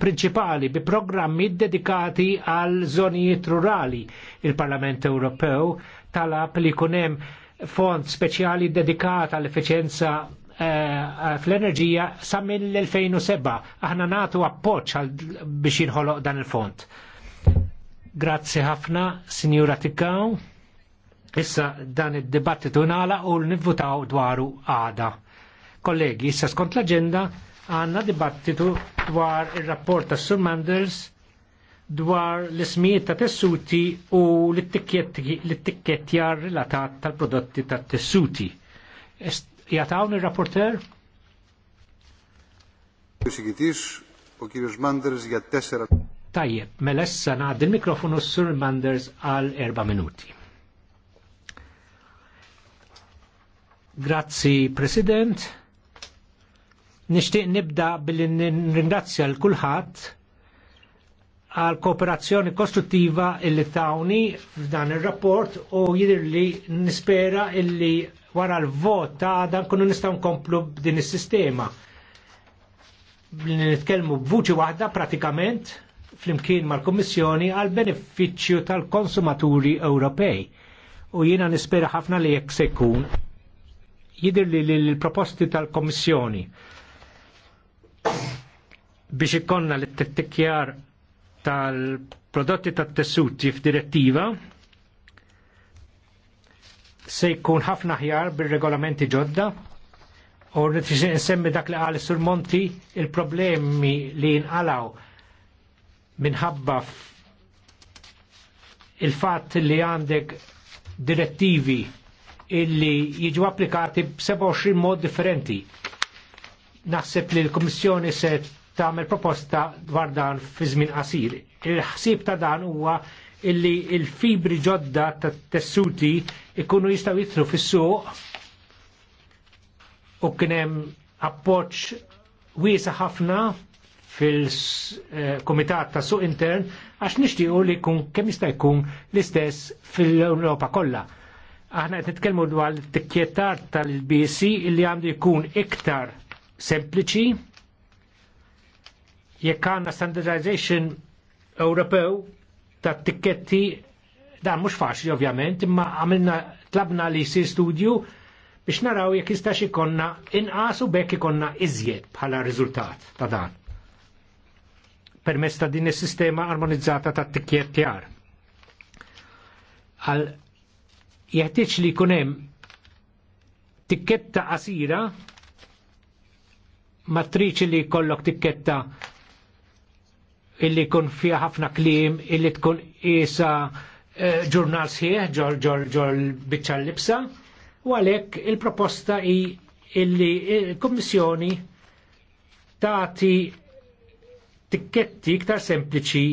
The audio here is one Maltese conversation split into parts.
prinċipali bi programmi dedikati għal żonijiet rurali. Il-Parlament Ewropew talab li kunem fond speċjali dedikat għall efficienza eh, fl-enerġija sa mill-2007. Aħna natu appoċ biex jinħoloq dan il-fond. Grazzi ħafna, signora Tikkaw. Issa dan id-dibattitu nala u l-nivvutaw dwaru għada. Kollegi, issa skont l-agenda għanna dibattitu dwar il-rapport ta' Sir Manders dwar l-ismijiet ta' tessuti u l-tikkettja relatat tal-prodotti ta' tessuti. Jatawn il-rapporter? Sigitix u kirjus Manders jgħat Tajjeb, melessa naħd il-mikrofonu Sir Manders għal erba minuti. Grazzi, President. Nixtieq nibda billi nirringrazzja l kulħadd għal kooperazzjoni kostruttiva illi tawni f'dan ir-rapport u jidir li nispera illi wara l-vot ta' dan kunu nistgħu nkomplu b'din is-sistema nitkellmu b'vuċi waħda pratikament flimkien mal-Kommissjoni għal benefiċċju tal-konsumaturi Ewropej. U jiena nispera ħafna li jekk se jkun jidir li l-proposti tal-Kommissjoni biex ikonna li t-tikjar tal-prodotti tat-tessuti f'direttiva se jkun ħafna ħjar bil-regolamenti ġodda u nsemmi dak li għal surmonti il-problemi li jinqalaw minħabba il-fat li għandek direttivi illi jiġu applikati b-27 mod differenti naħseb li l-Komissjoni se tagħmel proposta dwar dan fi żmien qasir. Il-ħsieb ta' dan huwa illi il-fibri ġodda ta' tessuti ikunu jistaw jitru fis-suq u kien hemm appoġġ wiesa ħafna fil-komitat ta' suq intern għax nixtiequ li jkun kemm jista' jkun l-istess fil-Ewropa kollha. Aħna qed nitkellmu dwar tikkjetar tal-BC illi għandu jkun iktar sempliċi jekk għandna standardization Ewropew ta' tikketti dan mhux faċli ovvjament, imma għamilna tlabna li jsir studju biex naraw jekk jistax ikonna inqas u bekk ikonna iżjed bħala riżultat ta' dan. Permess ta' din is-sistema armonizzata ta' tjar. Għal jeħtieġ li jkun hemm tikketta qasira matriċi li kollok tikketta illi kun fija ħafna klim, illi tkun isa eh, ġurnal sħieħ ġol ġol ġol bicċa libsa, u għalek il-proposta i illi il-Kommissjoni tati tikketti iktar sempliċi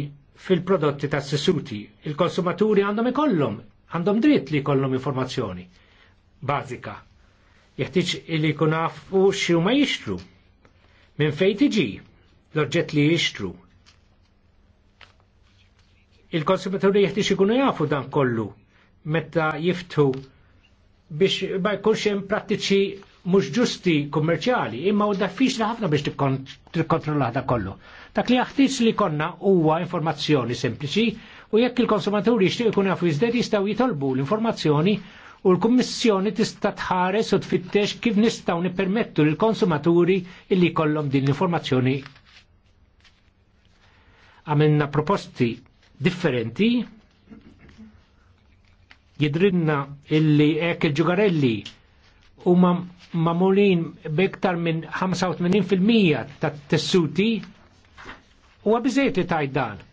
fil-prodotti ta' sessuti. Il-konsumaturi għandhom ikollhom, għandhom dritt li jkollhom informazzjoni bażika. Jeħtieġ illi jkun nafu xi huma jixtru Minn fejn tiġi l-oġġett li jixtru. Il-konsumaturi jeħtiex ikunu jafu dan kollu meta jiftu biex ma jkunx hemm prattiċi mhux ġusti kummerċjali, imma u diffiċli ħafna biex tikkontrolla dak kollu. Dak li jaħtieġ li konna huwa informazzjoni sempliċi u jekk il-konsumaturi jixtieq ikun jafu iżded jistgħu jitolbu l-informazzjoni u l-Kummissjoni tista' tħares u tfittex kif nistgħu nippermettu lill konsumaturi illi jkollhom din l-informazzjoni. Għamilna proposti differenti jidrinna illi hekk il-ġugarelli huma mamulin biktar minn 85% tat-tessuti huwa biżejt li tajt dan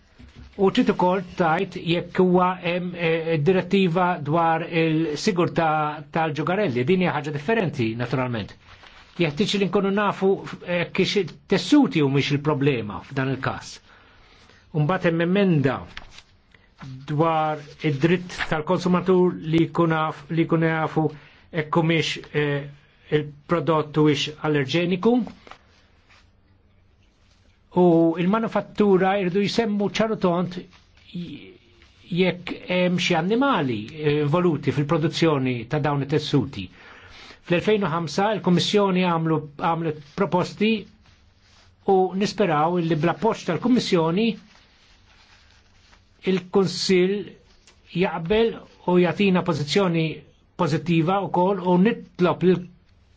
u trid ukoll tajt jekk huwa hemm eh, direttiva dwar il-sigurtà tal-ġugarelli. Din hija ħaġa differenti naturalment. Jeħtieġ li nkunu nafu eh, kiex tessuti u il-problema f'dan il-każ. Umbagħad hemm emenda dwar id-dritt tal-konsumatur li jkun jafu hekk ekkumiex eh, il-prodott wix allerġeniku u il-manufattura irdu jisemmu ċarutont jekk hemm xi annimali eh, involuti fil-produzzjoni ta' dawn it-tessuti. Fl-2005 il-Kummissjoni għamlet proposti u nisperaw li bla poċ tal-Kummissjoni il-Kunsill jaqbel u jatina pożizzjoni pożittiva u kol u nitlob il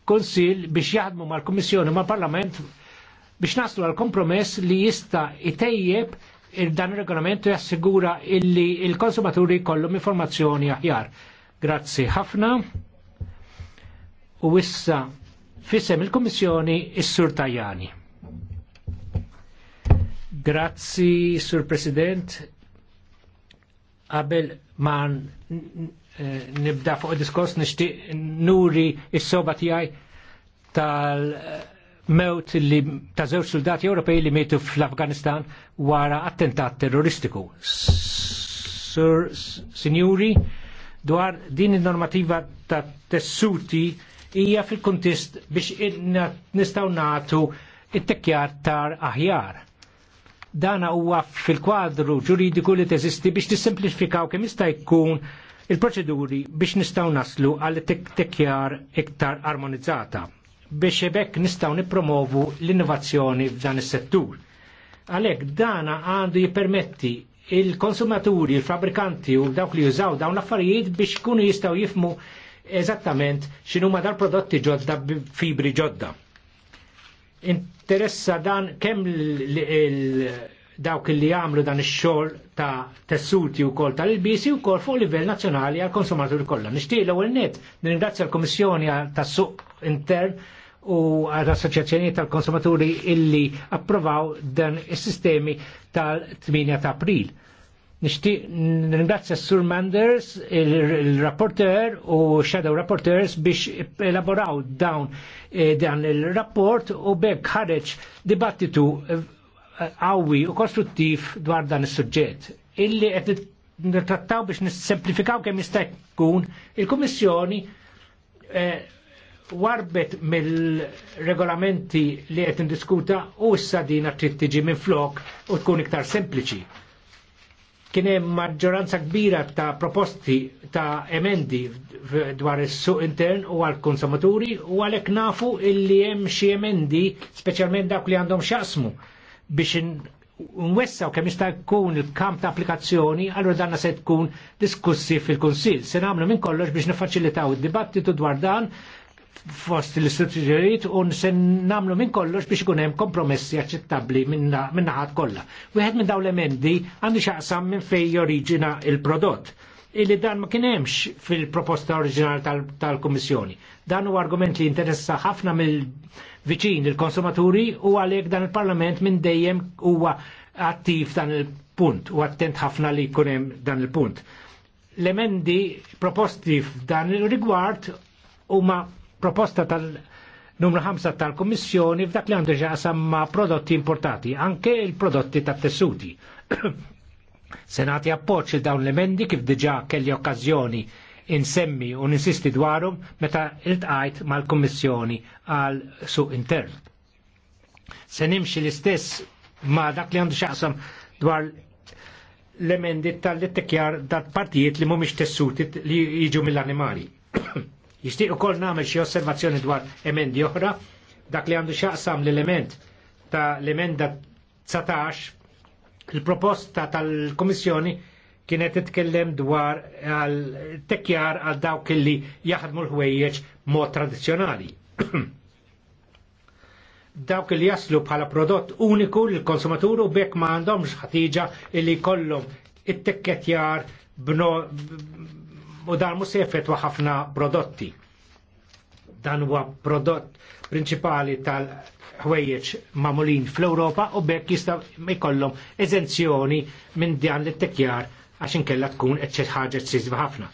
kunsill biex jaħdmu mal-Kummissjoni mal-Parlament biex naslu għal kompromess li jista itejjeb dan il-regolament jassigura illi il-konsumaturi kollum informazzjoni aħjar. Grazzi ħafna. U issa fissem il-Kommissjoni is-Sur Tajani. Grazzi, Sur President. Qabel ma eh, nibda fuq diskors nixtieq nuri s-soba tiegħi tal- mewt li ta' żewġ soldati Ewropej li mietu fl-Afganistan wara attentat terroristiku. Sir, signori, dwar din il-normativa ta' tessuti hija fil kuntist biex nistaw natu it-tekjar tar aħjar. Dana huwa fil-kwadru ġuridiku li teżisti biex tissimplifikaw kemm jista' jkun il-proċeduri biex nistaw naslu għal tekjar iktar armonizzata biex ebek nistaw nipromovu l-innovazzjoni f'dan is-settur. Għalhekk dana għandu jippermetti il-konsumaturi, il-fabrikanti u dawk li jużaw dawn l-affarijiet biex kunu jistaw jifmu eżattament xinu ma dal-prodotti ġodda fibri ġodda. Interessa dan kemm dawk li jagħmlu dan ix-xogħol ta' tessuti wkoll tal-ilbisi wkoll fuq livell nazzjonali għall konsumaturi kollha. Nixtieq l-ewwel nett nirringrazzja l-Kummissjoni tas-suq intern u għad assoċjazzjoni tal-konsumaturi illi approvaw dan is-sistemi tal-8 ta' april. Nishtiq ringrazzja Sur Manders, il-rapporter u shadow rapporters biex elaboraw dawn eh, dan il-rapport u bekk ħareġ dibattitu qawwi eh, u kostruttiv dwar dan is-suġġett. Illi qed trattaw biex nissemplifikaw kemm jista' jkun il komissjoni eh, warbet mill-regolamenti li qed indiskuta u issa din trid tiġi minn flok u tkun iktar sempliċi. Kien hemm maġġoranza kbira ta' proposti ta' emendi dwar is-suq intern u għal konsumaturi u għalhekk nafu illi hemm xi emendi speċjalment dawk li għandhom x'jaqsmu biex nwessaw kemm jista' jkun il-kamp ta' applikazzjoni, allura danna se tkun diskussi fil-Kunsill. Se nagħmlu minn kollox biex nifaċilitaw id-dibattitu dwar dan fost l-istituzzjonijiet un sen namlu minn kollox biex ikun hemm kompromessi aċċettabbli minn naħat kollha. Wieħed minn dawn l-emendi għandi xaqsam minn fejn joriġina il-prodott illi dan ma kien hemmx fil-proposta oriġinali tal-Kummissjoni. Dan huwa argument li interessa ħafna mill-viċin il-konsumaturi u għalhekk dan il-Parlament minn dejjem huwa attiv dan il-punt u attent ħafna li jkun hemm dan il-punt. L-emendi proposti f'dan il-rigward huma proposta tal- numru 5 tal-Kommissjoni f'dak li għandu ġaqsam ma' prodotti importati, anke il-prodotti ta' tessuti. Senati appoċ il dawn l-emendi kif diġa kelli okkazjoni insemmi u ninsisti dwarhom meta iltqajt mal-Kommissjoni għal suq intern. Se nimxi l-istess ma' dak li għandu xaqsam dwar l-emendi tal-ittekjar dat partijiet li mumiex tessuti li jiġu mill-animali Jishtiq u kol namel xie osservazzjoni dwar emendi oħra, dak li għandu xaqsam l-element ta' l-emenda 19, il-proposta tal-Komissjoni kienet titkellem dwar għal tekjar għal dawk li jaħdmu l-ħwejjeġ mod tradizjonali. dawk li jaslu bħala prodott uniku l-konsumatur u bekk ma għandhomx ħatiġa li kollhom it-tekketjar u dan mhux se jeffettwa ħafna prodotti. Dan huwa prodott prinċipali tal-ħwejjeġ mamulin fl-Ewropa u bekk jista' jkollhom eżenzjoni minn dan li tekjar għax inkella tkun qed ħaġa ċiżva ħafna.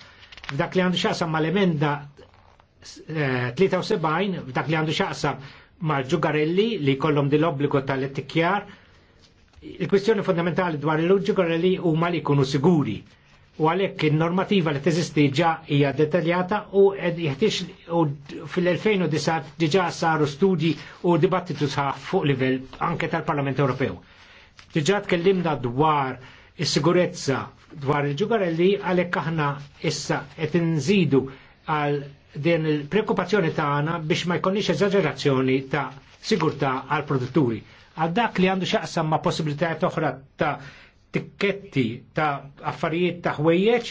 F'dak li għandu xaqsam mal-emenda 73 eh, f'dak li għandu xaqsam mal-ġugarelli li kollhom din l-obbligo tal-ettikjar il-kwistjoni fondamentali dwar il-ġugarelli huma li jkunu siguri U għalhekk in-normativa li teżisti ġa hija dettaljata u jeħtieġ u fil-2009 diġà saru studji u dibattitu sħaħ fuq livell anke tal-Parlament Ewropew. Diġà tkellimna dwar is-sigurezza dwar il-ġugarelli għalhekk aħna issa qed inżidu għal din il-prekupazzjoni tagħna biex ma jkollniex eżaġerazzjoni ta' sigurtà għal produtturi. Għal dak li għandu xaqsam ma' possibilitajiet oħra ta' tikketti ta' affarijiet ta' ħwejjeġ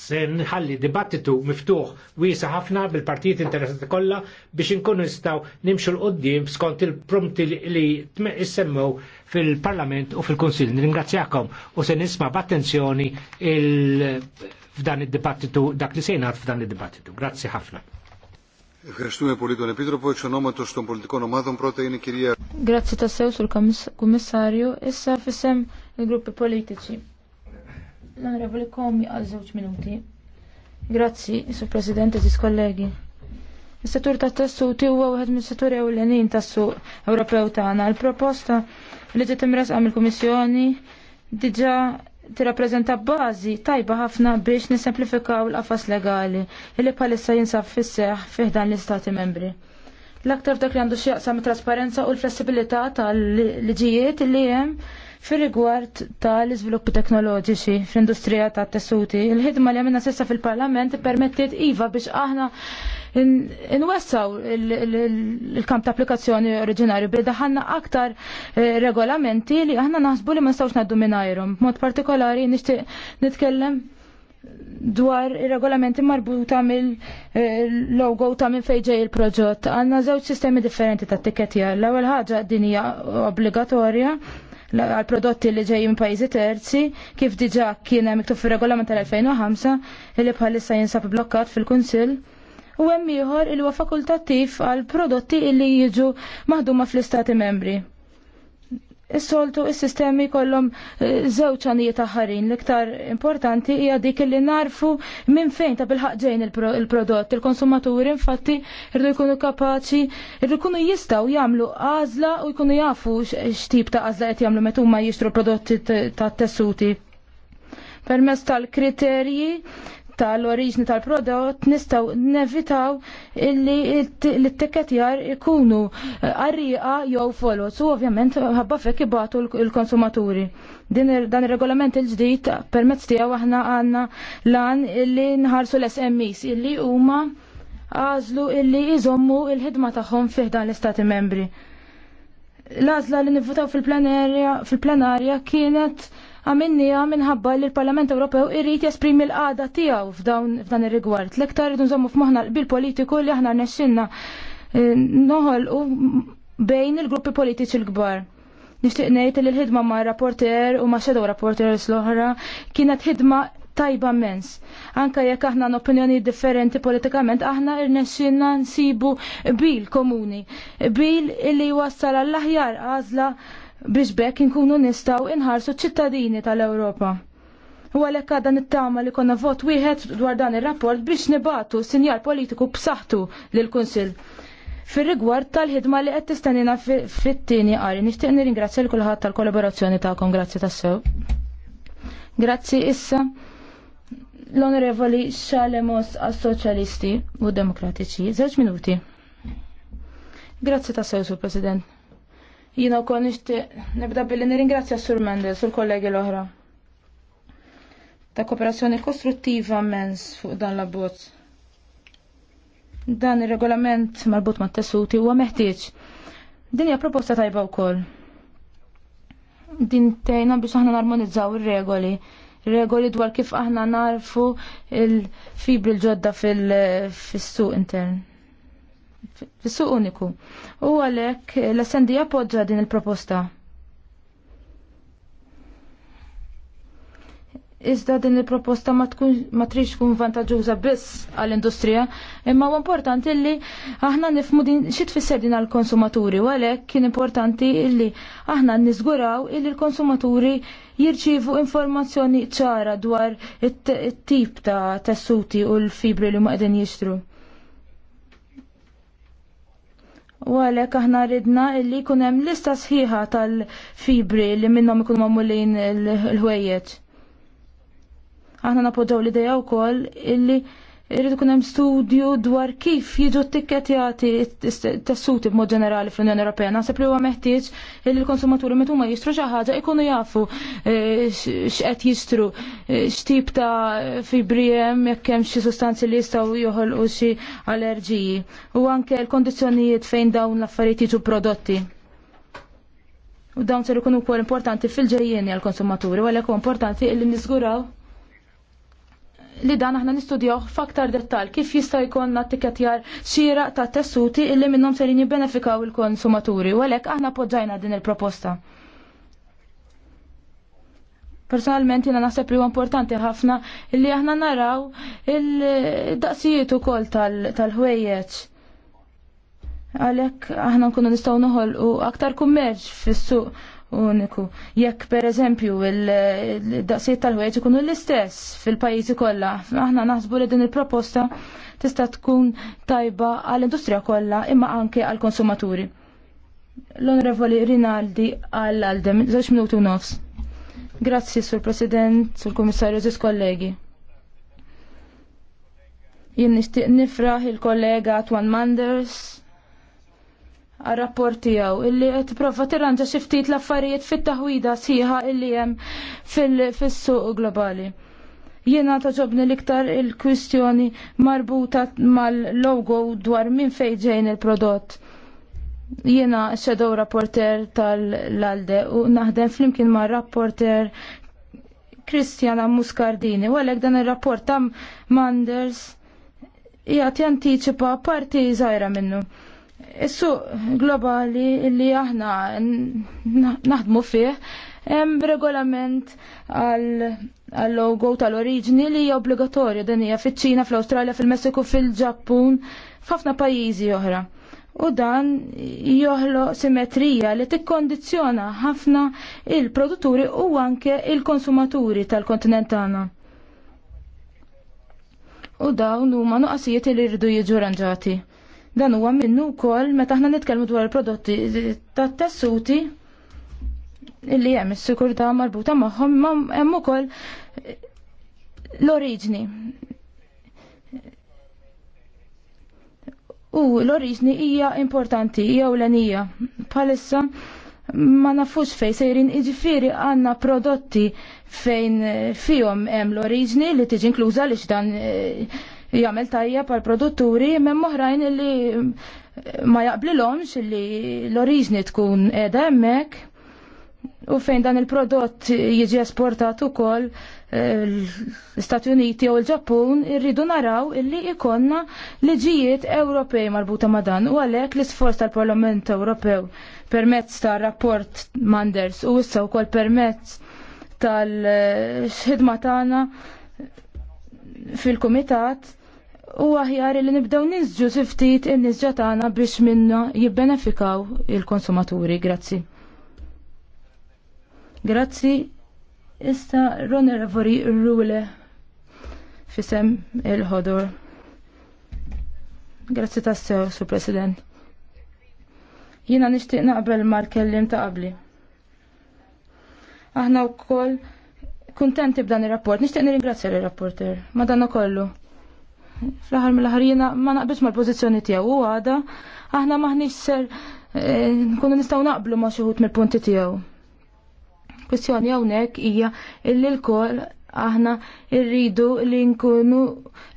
se nħalli dibattitu miftuħ wiesa ħafna bil-partijiet interessati kollha biex inkunu nistgħu nimxu l qudiem skont il-promti li issemmew fil-Parlament u fil-Kunsill. Nirringrazzjakom u se nisma' b'attenzjoni f'dan id-dibattitu dak li sejna f'dan id-dibattitu. Grazzi ħafna. Ευχαριστούμε πολύ τον Επίτροπο. Εξ των πολιτικών ομάδων πρώτα είναι η κυρία... Grazie a te, sul e issa fissem il-gruppi politiċi. L'onorevole Comi komi għal żewġ minuti. Grazzi, Sur Presidente, eżis kollegi. Il settur ta' tessuti huwa wieħed mis-settur ewlenin tas-suq Ewropew tagħna. Il-proposta li ġiet imresqa mill-Kummissjoni diġà tirrappreżenta bażi tajba ħafna biex nisemplifikaw l-qafas legali li bħalissa jinsab fis seħħ fih dan l-Istati membri. L-aktar dak li għandu xieqsam trasparenza u l-flessibilità tal-liġijiet li hemm fir-rigward tal-iżviluppi teknoloġiċi fl-industrija tat-tessuti. Il-ħidma li għamilna sissa fil-Parlament permettiet iva biex aħna inwessaw il-kamp ta' applikazzjoni oriġinarju bli daħanna aktar eh, regolamenti li aħna naħsbu li ma nistawx naddu minnajrum. Mod partikolari nixtieq nitkellem dwar regolamenti marbuta mill-logo eh, ta' minn fejġej il-proġett. Għanna żewġ sistemi differenti ta' tikketja. L-ewwel ħaġa din hija obbligatorja għal prodotti li ġej minn pajjiżi terzi, kif diġà kien hemm miktub fir-regolament tal-2005 li bħalissa jinsab blokkat fil-Kunsill u hemm ieħor il huwa fakultattiv għal prodotti illi jiġu maħduma fl-istati membri. Is-soltu is-sistemi kollhom eh, żewġ għanijiet aħħarin l-iktar importanti hija dik li narfu minn fejn ta' bilħaq il-prodott. Il-konsumaturi infatti irdu jkunu kapaċi, irdu jkunu jistgħu jagħmlu għażla u jkunu jafu x'tip ta' għażla qed jagħmlu meta huma jixtru prodotti ta' tessuti permess tal-kriterji tal-oriġni tal-prodott nistaw nevitaw illi l-tikketjar ikunu eh, arriqa jew folot u ovvjament ħabba fek ibatu l-konsumaturi. Dan il-regolament il-ġdid permezz tiegħu aħna għandna lan illi nħarsu l-SMEs illi huma għażlu illi jżommu il-ħidma tagħhom fih dan l-Istati membri. L-għażla li nivvutaw fil-plenarja fil-plenarja kienet għamennija minħabba li l-Parlament Ewropew irrit jesprimi l-qada tijaw f'dan ir-rigward. L-iktar rridu nżommu f'moħna bil-politiku li aħna nesċinna eh, noħol u bejn il-gruppi politiċi l-kbar. Nishtiq ngħid li l-ħidma ma' rapporter u ma' shadow rapporters l-oħra kienet ħidma tajba mens. Anka jekk aħna opinjoni differenti politikament, aħna irnexxinna nsibu bil komuni. Bil illi wassal għall-aħjar għażla biex bekk inkunu nistaw inħarsu ċittadini tal-Ewropa. U għalek għadan it-tama li konna vot wieħed dwar dan ir-rapport biex nibatu sinjal politiku b'saħħtu lil kunsill Fir-rigward tal-ħidma li qed tistennina fit-tieni qari, nixtieq nirringrazzja l kulħadd tal-kollaborazzjoni tagħkom, grazzi tassew. Grazzi issa l-Onorevoli Xalemos għas-Soċjalisti u Demokratiċi. Żewġ minuti. Grazzi tassew, Sur President. Jina u kon nishti nibda billi nirringrazzja Sur Mendel, Sur kollegi l-oħra. Ta' kooperazzjoni kostruttiva mens fuq dan la bozz. Dan ir-regolament marbut ma' tessuti huwa meħtieġ. Din hija proposta tajba wkoll. Din tejna biex aħna narmonizzaw ir-regoli regoli dwar kif aħna narfu il-fibri l-ġodda fil-suq intern fis-suq uniku. U għalhekk l-SND appoġġa din il-proposta. Iżda din il-proposta ma trix kun vantaġġuża biss għall-industrija, imma u importanti li aħna nifmu din xi fisser din għall-konsumaturi u għalhekk kien importanti li aħna niżguraw illi l-konsumaturi jirċievu informazzjoni ċara dwar it-tip ta' tessuti u l-fibri li ma qegħdin jixtru. U għalek aħna ridna li kunem lista sħiħa tal-fibri li minnom ikun mamulin l-ħwejjeġ. Aħna napodaw l-ideja u koll illi Irridu kunem hemm studju dwar kif jiġu t-tikketjati tessuti b'mod ġenerali fl-Unjoni Ewropea. Naħseb li huwa meħtieġ li konsumaturi meta huma jistru xi ħaġa jkunu jafu eh, x'qed jistru, eh, x'tip ta' fibri hemm jekk hemm xi sustanzi li jistgħu joħolqu xi allerġiji. U anke l-kondizzjonijiet fejn dawn l-affarijiet jiġu prodotti. U dawn ser ikunu wkoll importanti fil-ġejjeni għall-konsumaturi, u għalhekk importanti li niżguraw li dan aħna nistudjaw f'aktar dettal kif jista' jkollna tikketjar xira ta' tessuti illi minnhom serin jibbenefikaw il-konsumaturi u għalhekk aħna poġġajna din il-proposta. Personalment jiena naħseb li huwa importanti ħafna illi aħna naraw il-daqsijiet ukoll tal-ħwejjeġ. Għalhekk aħna nkunu nistgħu noħolqu aktar kummerġ fis-suq uniku. Jekk per eżempju il-daqsijiet tal-ħwejġ ikunu l-istess fil-pajjiżi kollha, aħna naħsbu li din il-proposta tista' tkun tajba għall-industrija kollha imma anke għall-konsumaturi. L-Onorevoli Rinaldi għall-Aldem, żewġ minuti u nofs. Grazzi, Sur President, Sur Komissarju, żis kollegi. Jien nixtieq nifraħ il-kollega Twan Manders rapport tiegħu illi qed profa tirranġa xi ftit l-affarijiet fit-taħwida sħiħa illi hemm fis-suq globali. Jiena taġobni l-iktar il-kwistjoni marbuta mal-logo dwar minn fejn il-prodott. Jiena xedow rapporter tal lalde u naħdem flimkien ma' rapporter Kristjana Muscardini u għalhekk dan ir-rapport ta' Manders jgħat jantiċipa parti żgħira minnu. Is-suq globali li aħna naħdmu fih hemm regolament għal logo tal-oriġini li hija obbligatorja din hija fiċ-Ċina, fl-Awstralja, fil-Messiku, fil-Ġappun, f'ħafna pajjiżi oħra. U dan joħloq simetrija li tikkondizzjona ħafna il-produtturi u anke il-konsumaturi tal-kontinent tagħna. U dawn huma nuqqasijiet li rridu jiġu ranġati. Dan huwa minnu wkoll meta aħna nitkellmu dwar il-prodotti tat-tessuti li hemm is sikurità marbuta magħhom ma hemm ukoll l-oriġni. U l-oriġni hija importanti, hija ewlenija. Palissa ma nafux fejn sejrin iġifieri għandna prodotti fejn fihom hemm l-oriġni li tiġi inkluża lix dan e, jagħmel tajjeb għal produtturi minn oħrajn li ma jaqblilhomx li l-oriġni tkun qiegħda hemmhekk u fejn dan il-prodott jiġi esportat ukoll eh, l-Stati Uniti u l-Ġappun irridu naraw illi ikonna liġijiet Ewropej marbuta ma' dan u għalhekk l-isforz tal-Parlament Ewropew permezz tar rapport Manders u issa wkoll permezz tal-ħidma tagħna fil-Kumitat U aħjar li nibdew nizġu siftit in-nies ġatana biex minna jibbenefikaw il-konsumaturi. Grazzi. Grazzi. Issa Ronerevori Rule fisem il-ħodur. Grazzi tassew, Sur President. Jina nishtiq naqbel mar kellim ta' qabli. Aħna u koll kontenti b'dan il-rapport. Nishtiq nirringrazzja il-rapporter. Madanna kollu fl-aħħar mill-aħħar ma naqbilx mal-pożizzjoni tiegħu u għada aħna maħniġ ser eh, nkunu nistgħu naqblu ma' xi mill-punti tiegħu. Kwestjoni hawnhekk hija illi l-kol aħna rridu li nkunu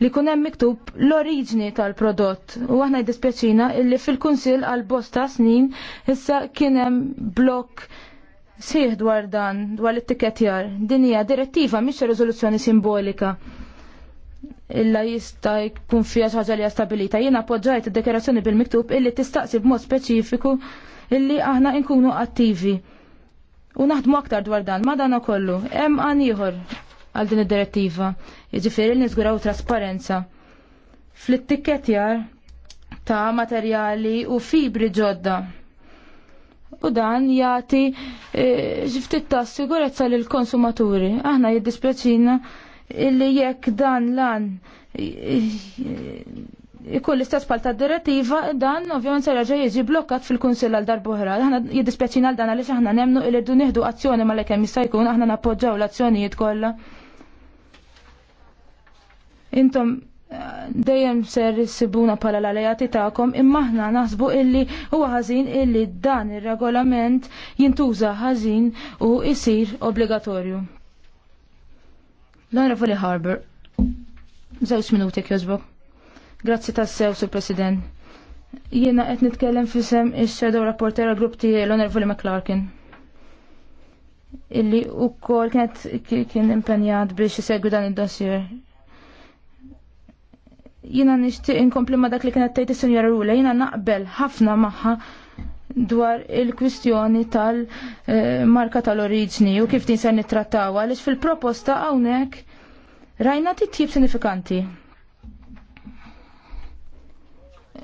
li kun hemm miktub l-oriġni tal-prodott u aħna jdispjaċina illi fil-kunsil għal bosta snin issa kien hemm blok sieħ dwar dan dwar l-ittiketjar. Din hija direttiva mhix riżoluzzjoni simbolika illa jista' jkun fiha xi ħaġa li stabilita. Jiena appoġġajt id-dekerazzjoni bil-miktub illi tistaqsi b'mod speċifiku illi aħna nkunu attivi. U naħdmu aktar dwar dan, ma dan kollu, hemm għan ieħor għal din id-direttiva. Jiġifieri li niżguraw trasparenza. Fl-ittikketjar ta' materjali u fibri ġodda. U dan jagħti ġifti eh, e, ta' sigurezza lill konsumaturi Aħna jiddispjaċina illi jekk dan lan ikun l-istess pal direttiva dan ovvjament se raġa jiġi blokkat fil-Kunsill għal darbohra. Aħna jiddispjaċina għal dan għaliex aħna nemnu illi rdu nieħdu azzjoni ma kemm jista' jkun aħna nappoġġaw l-azzjonijiet kollha. Intom dejjem ser sibuna pala l-alejati tagħkom, imma aħna naħsbu illi huwa ħażin illi dan ir-regolament jintuża ħażin u isir obbligatorju. L-Onorevoli Harbour, żewġ minuti kjożbok. Grazzi tas-sew, Sur President. Jiena qed nitkellem fisem il shadow Rapporter għall-grupp tiegħi l-Onorevoli McClarkin illi u kol kienet kien impenjat biex jisegwi dan id-dossier. Jina nishtiq inkompli ma dak li kienet il Sinjora Rula, jiena naqbel ħafna maħħa dwar il-kwistjoni tal-marka eh, tal-oriġni u kif din se nittrattaw għaliex fil-proposta hawnhekk rajna titjib sinifikanti.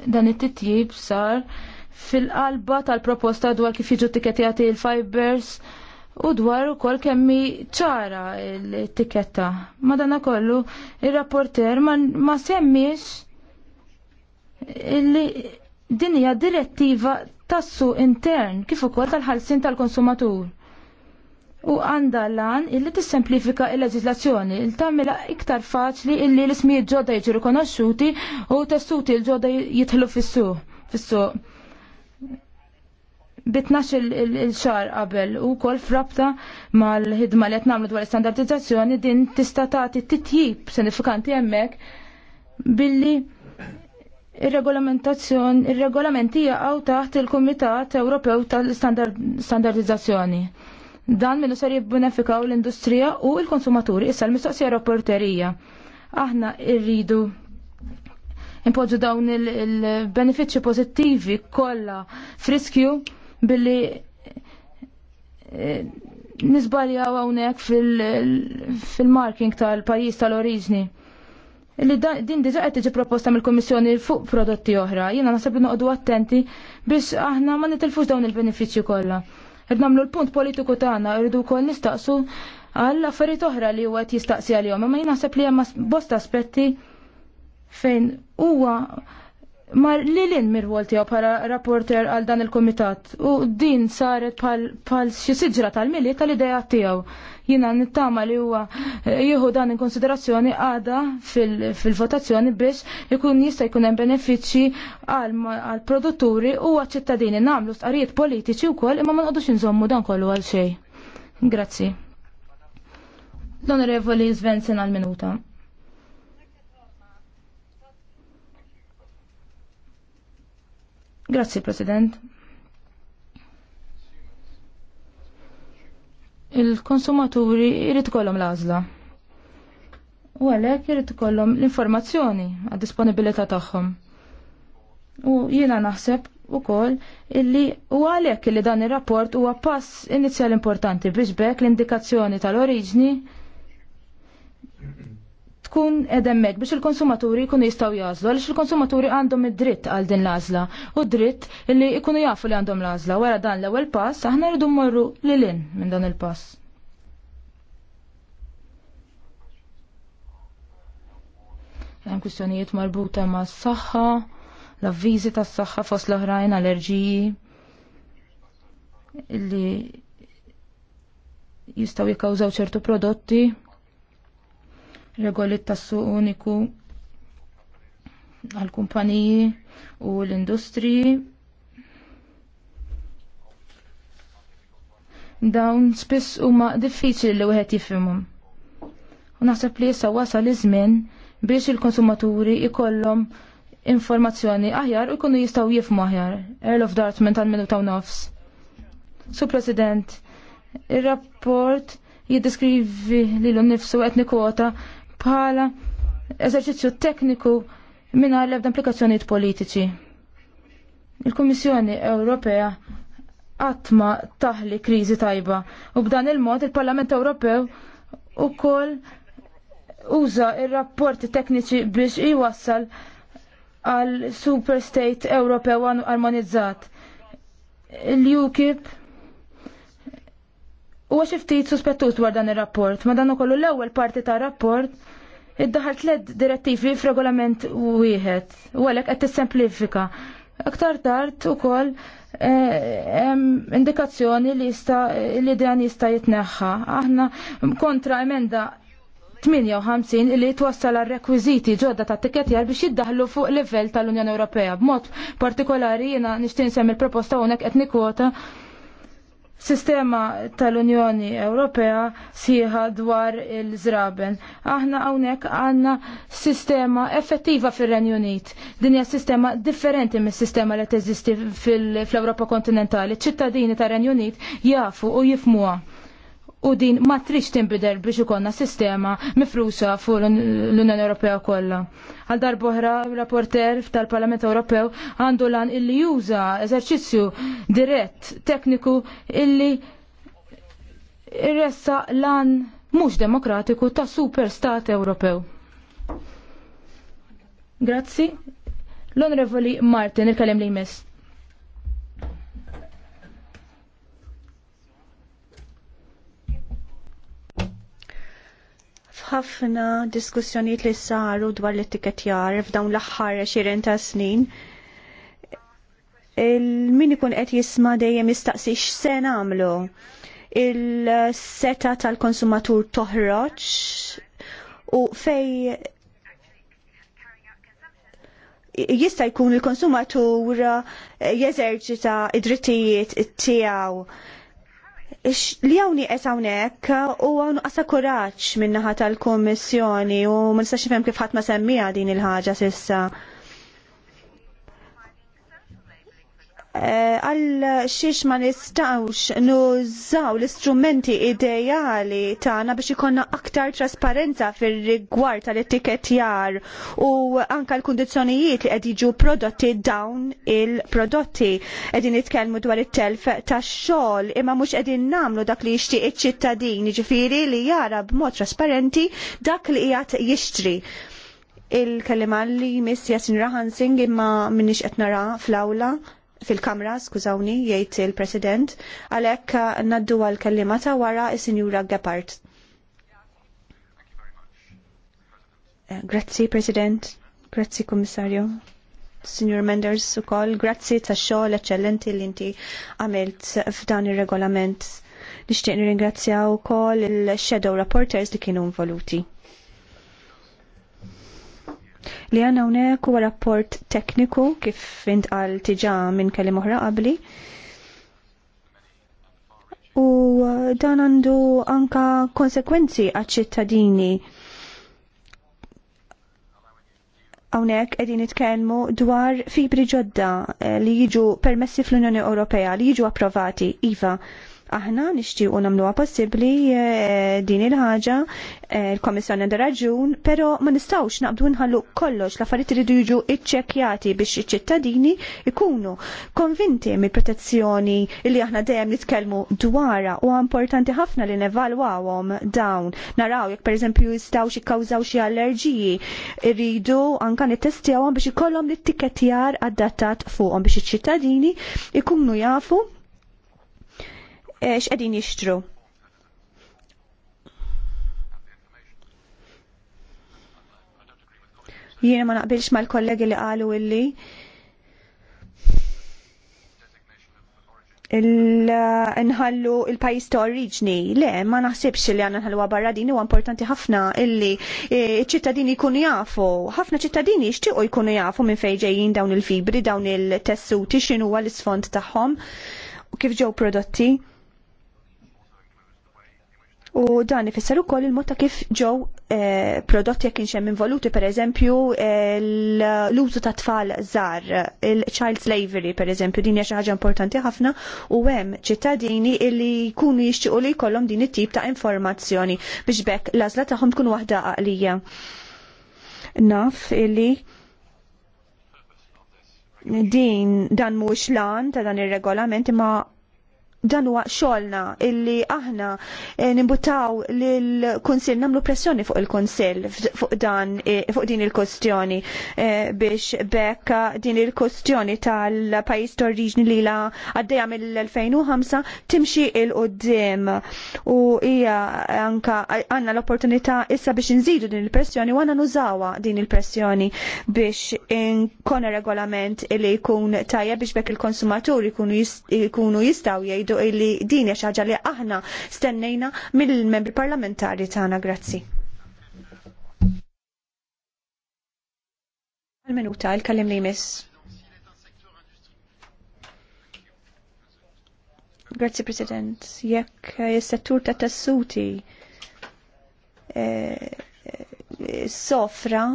Dan it-titjib sar fil-qalba tal-proposta dwar kif jiġu tiketjati il-fibers u dwar ukoll kemmi ċara l-tiketta. dana kollu, il-rapporter ma semmiex il din hija direttiva tassu intern kif ukoll tal-ħalsin tal-konsumatur. U għanda lan illi tissemplifika il-leġislazzjoni, il tagħmilha iktar faċli illi l-ismijiet ġodda jiġu rikonoxxuti u tessuti l-ġodda jitħlu fis-suq. Bitnax il-xar qabel u kol frabta mal-ħidma li għetnamlu dwar standardizzazzjoni din tista' tagħti titjib sinifikanti hemmhekk billi Ir-regolamentazzjoni, ir-regolamenti jaqgħu taħt il-Kumitat Ewropew tal-Standardizzazzjoni. Dan minnu ser jibbenefikaw l-industrija u l-konsumaturi issa l-mistoqsija rapporterija. Aħna rridu impoġġu dawn il-benefiċċji pożittivi kollha friskju billi eh, nisbaljaw hawnhekk fil-marking tal-pajjiż tal-oriġni li din diġa qed tiġi proposta mill-Kummissjoni fuq prodotti oħra. Jiena naħseb li noqogħdu attenti biex aħna ma nitilfux dawn il-benefiċċji kollha. Qed nagħmlu l-punt politiku tagħna rridu wkoll nistaqsu għall affarijiet oħra li huwa qed jistaqsi għalihom, imma jien naħseb li hemm bosta aspetti fejn huwa Mar li l-in mirwol tiegħu bħala rapporter għal dan il-komitat u din saret bħal xi siġra tal-mili tal-idea tiegħu. Jiena nittama li huwa eh, jieħu dan in konsiderazzjoni għada fil-votazzjoni biex ikun jista' jkun hemm benefiċċji għal produtturi u għaċ-ċittadini nagħmlu stqarijiet politiċi wkoll imma ma nqogħdux inżommu dan kollu għal xejn. Grazzi. L-Onorevoli Svensen għal-minuta. Grazzi, President. Il-konsumaturi jrid ikollhom l-għażla. U għalhekk irrid ikollhom l-informazzjoni għad-disponibilità tagħhom. U jiena naħseb u kol illi u għalek illi dan ir rapport huwa pass inizjal importanti biex bekk l-indikazzjoni tal-oriġni tkun edemmek biex il-konsumaturi jkunu jistaw jazlu, għalix il-konsumaturi għandhom id-dritt għal din lazla u dritt li jkunu jafu li għandhom lazla. Wara dan l-ewwel pass, aħna rridu morru li lin minn dan il-pass. Hemm kwistjonijiet marbuta ma' s-saħħa, l-avviżi tas-saħħa fost l-oħrajn, allerġiji li jistaw jikkawżaw ċertu prodotti regoli tas-suq uniku għal-kumpaniji u l-industriji. Dawn spiss huma diffiċli li wieħed jifhimhom. U naħseb li issa wasal iż-żmien biex il-konsumaturi ikollhom informazzjoni aħjar u jkunu jistgħu jifhmu aħjar. Earl of Dartmouth tal minuta u nofs. Su President, ir-rapport jiddeskrivi lilu nnifsu qed nikkwota bħala eżerċizzju tekniku minna l-ebda implikazzjoniet politiċi. Il-Kummissjoni Ewropea għatma taħli krizi tajba u b'dan il-mod il-Parlament Ewropew u koll uża il-rapporti tekniċi biex jwassal għal Superstate Ewropew armonizzat. Il-UKIP U xi ftit suspettuż dwar dan ir-rapport, ma dan ukollu l-ewwel parti tar-rapport iddaħal tliet direttivi f'regolament wieħed u għalhekk qed tissemplifika. Aktar tard ukoll eh, hemm indikazzjoni li jista' li dan jista' jitneħħa. Aħna kontra emenda 58 li twassal għal rekwiziti ġodda ta' tikketjar biex jiddaħlu fuq livell tal-Unjoni Ewropea. B'mod partikolari jiena nixtieq nsemmi l-proposta hawnhekk qed nikkwota sistema tal-Unjoni Ewropea siħa dwar il zraben Aħna hawnhekk għandna sistema effettiva fir-Renju Unit. Din hija sistema differenti mis-sistema li teżisti fl-Ewropa kontinentali. ċittadini tar-Renju Unit jafu u jifmuha u din ma trix tinbidel biex ikonna sistema mifrusa fuq l-Unjoni Ewropea kollha. Għal darboħra rapporter tal-Parlament Ewropew għandu lan illi juża eżerċizzju dirett tekniku illi irressa lan mhux demokratiku ta' superstat Ewropew. Grazzi. L-Onorevoli Martin, il-kalem li jmiss. ħafna diskussjonijiet li saru dwar l-etikettjar f'dawn l-aħħar 20 ta' snin. Il-min ikun qed jisma' dejjem jistaqsi x'se nagħmlu. Il-seta tal-konsumatur toħroġ u fej jista' jkun il-konsumatur jeżerċita id-drittijiet tiegħu li għawni esawnek u għawnu għasa kuraċ minnaħat tal-Kommissjoni u ma nistax kif ħadd ma semmija din il-ħaġa sissa. Eh, għal xiex ma nistawx nużaw l-istrumenti ideali tagħna biex ikonna aktar trasparenza fir-rigward tal-etikettjar u anka l-kundizzjonijiet li qed jiġu prodotti dawn il-prodotti. Qegħdin nitkellmu dwar it-telf tax-xogħol imma mhux qegħdin nagħmlu dak li jixtieq iċ-ċittadin, jiġifieri li jara b'mod trasparenti dak li qiegħed jixtri il-kelima li miss Jasin Rahansing imma minnix etnara fl-awla fil-kamra, skużawni, jgħid il-President, għalhekk uh, naddu għal-kellima ta' wara is-Sinjura Gepard. Eh, grazzi, President. Grazzi, Kummissarju. Signor Menders ukoll, grazzi tax xogħol eccellenti li inti għamilt f'dan ir-regolament. Nixtieq nirringrazzja wkoll il-Shadow Rapporters li kienu involuti. Li għanna unek u rapport tekniku kif int għal tiġa minn kelli oħra qabli. U dan għandu anka konsekwenzi għal ċittadini. Hawnhekk qegħdin nitkellmu dwar fibri ġodda eh, li jiġu permessi fl-Unjoni Ewropea li jiġu approvati iva Aħna nixtiequ nagħmluha possibbli eh, din il-ħaġa il-Komissjoni eh, għandha raġun, però ma nistgħux naqbdu nħallu kollox l-affarijiet iridu jiġu iċċekkjati biex iċ-ċittadini ikunu konvinti mill-protezzjoni li aħna dejjem nitkellmu dwarha u importanti ħafna li nevalwawhom dawn. Naraw jekk pereżempju jistgħux jikkawżaw xi allerġiji, irridu anke nittestjawhom biex ikollhom l-ittikettjar adattat fuqhom biex iċ-ċittadini ikunu jafu Eh, x'qegħdin jixtru. Jiena ma naqbilx mal-kollegi li qalu illi nħallu il-pajis ta' oriġni. Le, ma naħsibx li għanna nħallu barra din huwa importanti ħafna illi eh, ċittadini jkunu jafu. ħafna ċittadini xtiqu jkunu jafu minn fejġejjin dawn il-fibri, dawn il-tessuti, xinu għal l-isfond tagħhom u kif ġew prodotti. U dan ifisser ukoll il-mod ta' kif ġew eh, prodotti jekk kienx hemm involuti pereżempju eh, l-użu ta' tfal żgħar, il-child slavery pereżempju din hija xi ħaġa importanti ħafna u hemm ċittadini li jkunu jixtiequ li jkollhom din it-tip ta' informazzjoni biex bekk l-għażla tagħhom tkun waħda għalija. Naf illi din dan mhux lan ta' dan ir-regolament imma dan huwa xogħolna illi aħna eh, nimbutaw lill kunsill nagħmlu pressjoni fuq il-kunsill fuq dan eh, fuq din il-kwestjoni eh, biex bekka din il-kwestjoni tal-pajjiż torriġni li la għaddejja mill-2005 timxi il qudiem u hija anka għandna l-opportunità issa biex nżidu din il-pressjoni u għandna nużawha din il-pressjoni biex inkona regolament li jkun tajja biex bekk il-konsumaturi jkunu jistgħu jgħidu ngħidu illi din hija xi li aħna stennejna mill-membri parlamentari tagħna. Grazzi. Għal-minuta, il-kallim li jmiss. Grazzi President, jekk jis-settur eh, ta' tassuti eh, eh, sofra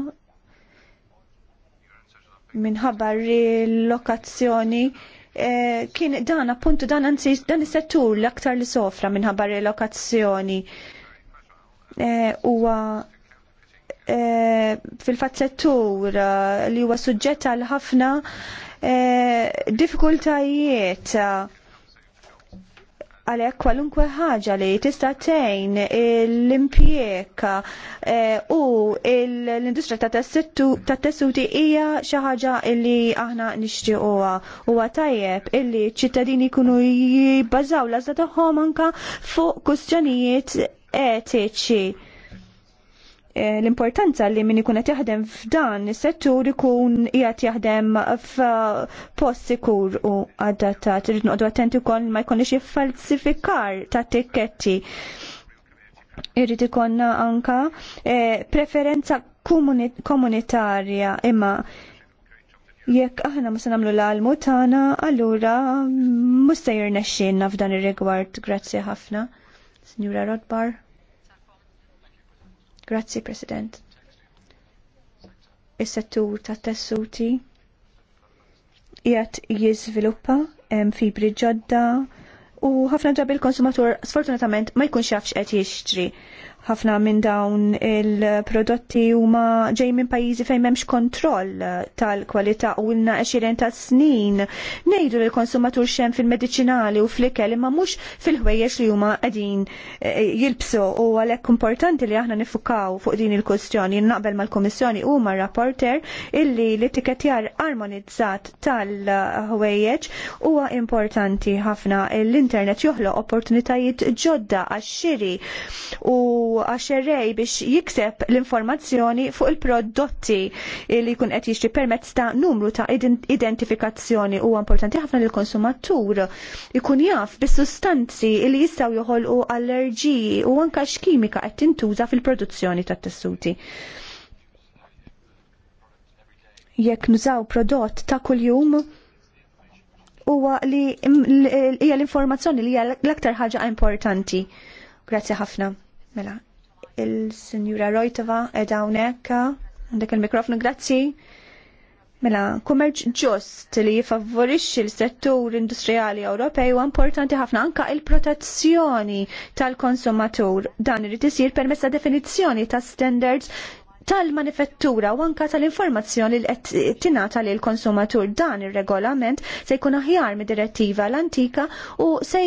minħabba l-lokazzjoni Eh, kien dan appuntu dan anzi dan is-settur l-aktar li sofra minħabba relokazzjoni. Eh, huwa eh, fil-fatt settur li huwa suġġett għal ħafna diffikultajiet Għalhekk kwalunkwe ħaġa li tista' tgħin l-impjeka eh, u l-industrija ta' tessuti hija xi ħaġa li aħna nixtiequha huwa tajjeb illi ċittadini jkunu jibbażaw l-għażla tagħhom anke fuq kwistjonijiet etiċi Eh, l-importanza li min ikun qed jaħdem f'dan is-settur ikun qiegħed jaħdem f'post sikur u adattat. Irid noqogħdu attenti wkoll ma jkunx jiffalsifikar ta' tikketti. Irrid ikonna anka eh, preferenza komunitarja imma jekk aħna ma se nagħmlu l-almu tagħna, allura mhux se jirnexxinna f'dan ir-rigward. Grazzi ħafna. Signora Rodbar. Grazzi, President. Is-settur ta' tessuti jgħat jizviluppa fibri ġodda u ħafna drabi l-konsumatur sfortunatament ma jkunx jafx qed jixtri ħafna minn dawn il-prodotti huma ġej minn pajjiżi fejn m'hemmx kontroll tal-kwalità u lna 20 ta' snin ngħidu lill konsumatur xem fil-mediċinali u fl-ikel imma mhux fil-ħwejjeġ li huma qegħdin eh, jilbsu u għalhekk importanti li aħna nifukaw fuq din il-kwestjoni naqbel mal-Kummissjoni huma rapporter illi l-etikettjar armonizzat tal-ħwejjeġ huwa importanti ħafna l-internet joħloq opportunitajiet ġodda għax-xiri u għaxerrej biex jikseb l-informazzjoni fuq il-prodotti li jkun qed jixtri permezz ta' numru ta' identifikazzjoni huwa importanti ħafna li l-konsumatur ikun jaf bis-sustanzi li jistgħu joħolqu allerġiji u anke x'kimika qed tintuża fil-produzzjoni tat-tessuti jekk nużaw prodott ta' kuljum huwa li hija l-informazzjoni li hija l-aktar ħaġa importanti. Grazzi ħafna. Mela, il-Sinjura Rojtova edha hawnhekk għandek il-mikrofonu, grazzi. Mela, kummerċ ġust li jifavorixxi l-settur industrijali Ewropej huwa importanti ħafna anka il-protezzjoni tal-konsumatur. Dan irid isir permezz ta' definizzjoni ta' standards tal-manifettura u anka tal-informazzjoni li qed tingħata lil konsumatur dan ir-regolament se jkun aħjar mid-direttiva l-antika u se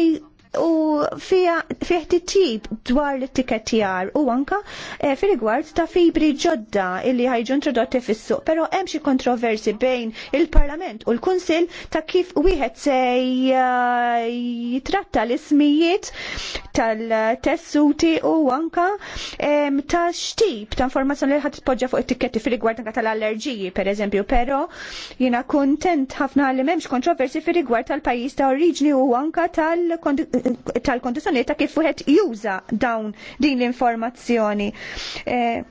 u fija fih tip dwar l-tikketjar u anka e, eh, fil rigward ta' fibri ġodda illi ħajġu introdotti fis-suq, però hemm xi kontroversi bejn il-Parlament u l-Kunsill ta' kif wieħed se jitratta l-ismijiet tal-tessuti u anka e, ta' xtip ta' informazzjoni li ħad tpoġġa fuq it-tikketti fi rigward anka tal-allerġiji pereżempju, però jiena kuntent ħafna li m'hemmx kontroversi fil rigward tal-pajjiż ta' oriġni u anka tal tal-kondizjoni ta' kif wieħed juża dawn din l-informazzjoni. Eh,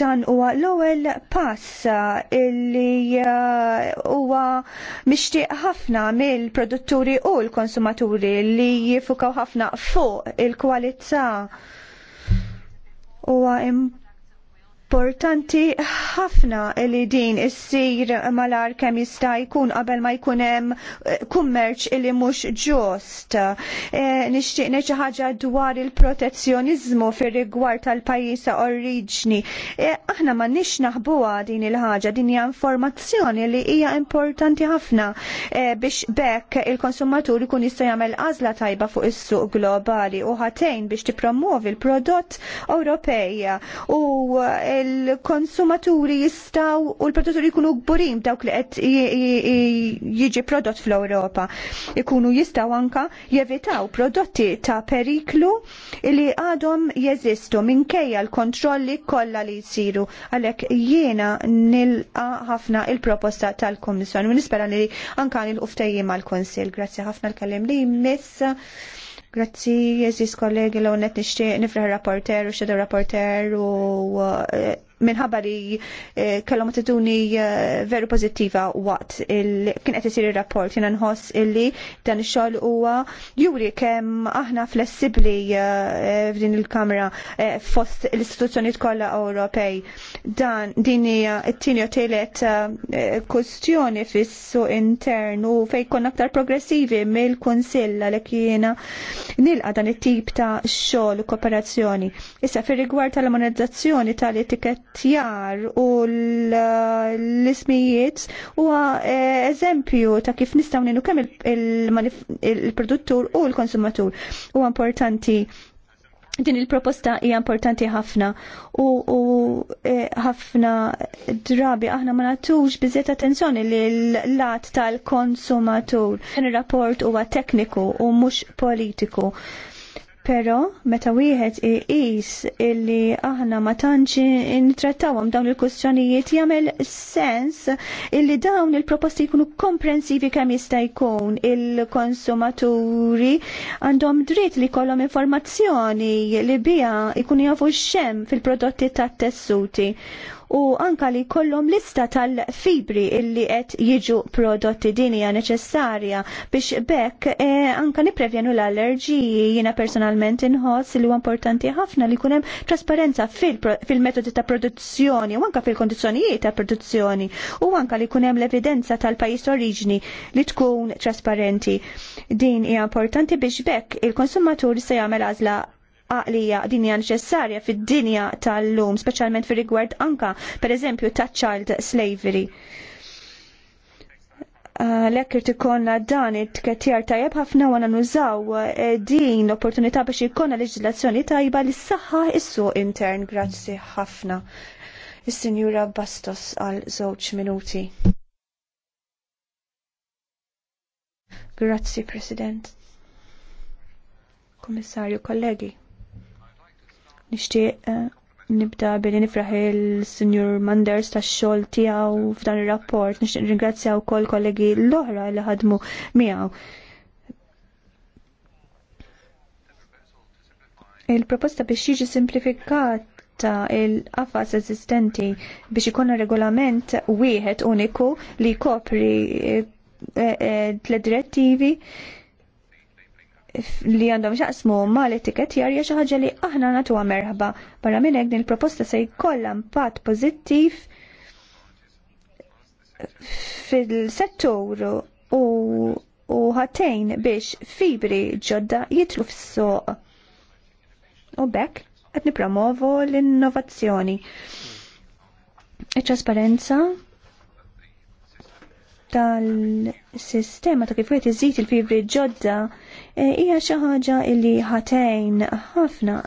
dan huwa l-ewwel pass eh, illi eh, huwa mixtieq ħafna mill-produtturi u l-konsumaturi li jifukaw ħafna fuq il-kwalità huwa importanti ħafna li din issir malar kemm jista' jkun qabel ma jkun hemm eh, kummerċ li mhux ġost. E, eh, Nixtieq xi ħaġa dwar il-protezzjoniżmu fir-rigward tal-pajjiż ta' oriġni. E, Aħna m'għandniex naħbuha din il-ħaġa, din hija informazzjoni li hija importanti ħafna e, biex bekk il-konsumatur ikun jista' jagħmel għażla tajba fuq is-suq globali u ħatejn biex tippromovi l-prodott Ewropej u il-konsumaturi jistaw u l-produtturi jkunu gburim dawk li qed jiġi prodott fl-Ewropa. Ikunu jistaw anka jevitaw prodotti ta' periklu li għadhom jeżistu minkejja l-kontrolli kollha li jsiru. Għalhekk jiena nilqa ħafna il-proposta tal-Kommissjoni u nispera li anka nilqu ftejjim mal-Konsil. Grazzi ħafna l-kellim li jmiss. Grazzi, jeżis kollegi l-għonet nishtiq nifraħ rapporter u xedu rapporter u uh, minħabba li eh, kellhom attituni eh, veru pożittiva waqt kien qed isir ir-rapport jiena nħoss illi dan ix-xogħol huwa juri kemm aħna flessibbli eh, f'din il-Kamra fost l-istituzzjonijiet kollha Ewropej. Dan din hija t-tieni tielet kwestjoni fis-suq internu fejn konna aktar progressivi mill-Kunsill għalhekk jiena nilqa' dan it-tip ta' xogħol u kooperazzjoni. Issa fir-rigward tal-armonizzazzjoni tal-etiket Tjar u l-ismijiet huwa eh, eżempju ta' kif nistgħu nienu kemm il-produttur u l-konsumatur. Huwa importanti din il-proposta hija importanti ħafna u eh, ħafna drabi aħna ma nagħtux biżiet attenzjoni lill lat tal-konsumatur. Dan ir-rapport huwa tekniku u mhux politiku. Pero meta wieħed iqis illi aħna ma tantx intrattawhom dawn il-kwistjonijiet jagħmel sens illi dawn il-proposti jkunu komprensivi kemm jista' jkun il-konsumaturi għandhom dritt li jkollhom informazzjoni li biha jkunu jafu x'hemm fil-prodotti tat-tessuti u anka li kollhom lista tal-fibri illi qed jiġu prodotti din hija neċessarja biex bekk e, anka nipprevjenu l-allerġiji jiena personalment inħoss li huwa importanti ħafna li jkun hemm trasparenza fil-metodi fil ta' produzzjoni u anka fil-kondizzjonijiet ta' produzzjoni u anka li jkun hemm l-evidenza tal-pajjiż oriġini li tkun trasparenti. Din hija importanti biex bekk il-konsumatur se jagħmel għażla għaqlija dinja neċessarja fid-dinja tal-lum, speċjalment fir rigward anka, per eżempju, ta' child slavery. Lekk irt ikonna dan it-tketjar tajjeb ħafna għana nużaw eh, din l-opportunità biex ikonna leġislazzjoni tajba li s-saħħa issu intern, grazzi ħafna. Is-Sinjura Bastos għal żewġ minuti. Grazzi, President. Komissarju, kollegi. Nixtieq eh, nibda billi nifraħ il-Sinjur Manders tax-xogħol tiegħu f'dan ir-rapport. Nixtieq ringrazzja wkoll kollegi l-oħra li ħadmu miegħu. Il-proposta biex jiġi simplifikat ta' il-qafas eżistenti biex ikun regolament wieħed uniku li kopri eh, eh, tle direttivi li għandhom xaqsmu ma l-etiket jarja xaħġa li aħna natu merħba. Barra minn hekk din il-proposta se jkollha impatt pożittiv fil-settur u ħatejn biex fibri ġodda jitlu f soq U bekk qed nipromovu l-innovazzjoni. Iċ-trasparenza e tal-sistema ta' kif qed iżid il-fibri ġodda eh, hija xi ħaġa li ħatejn ħafna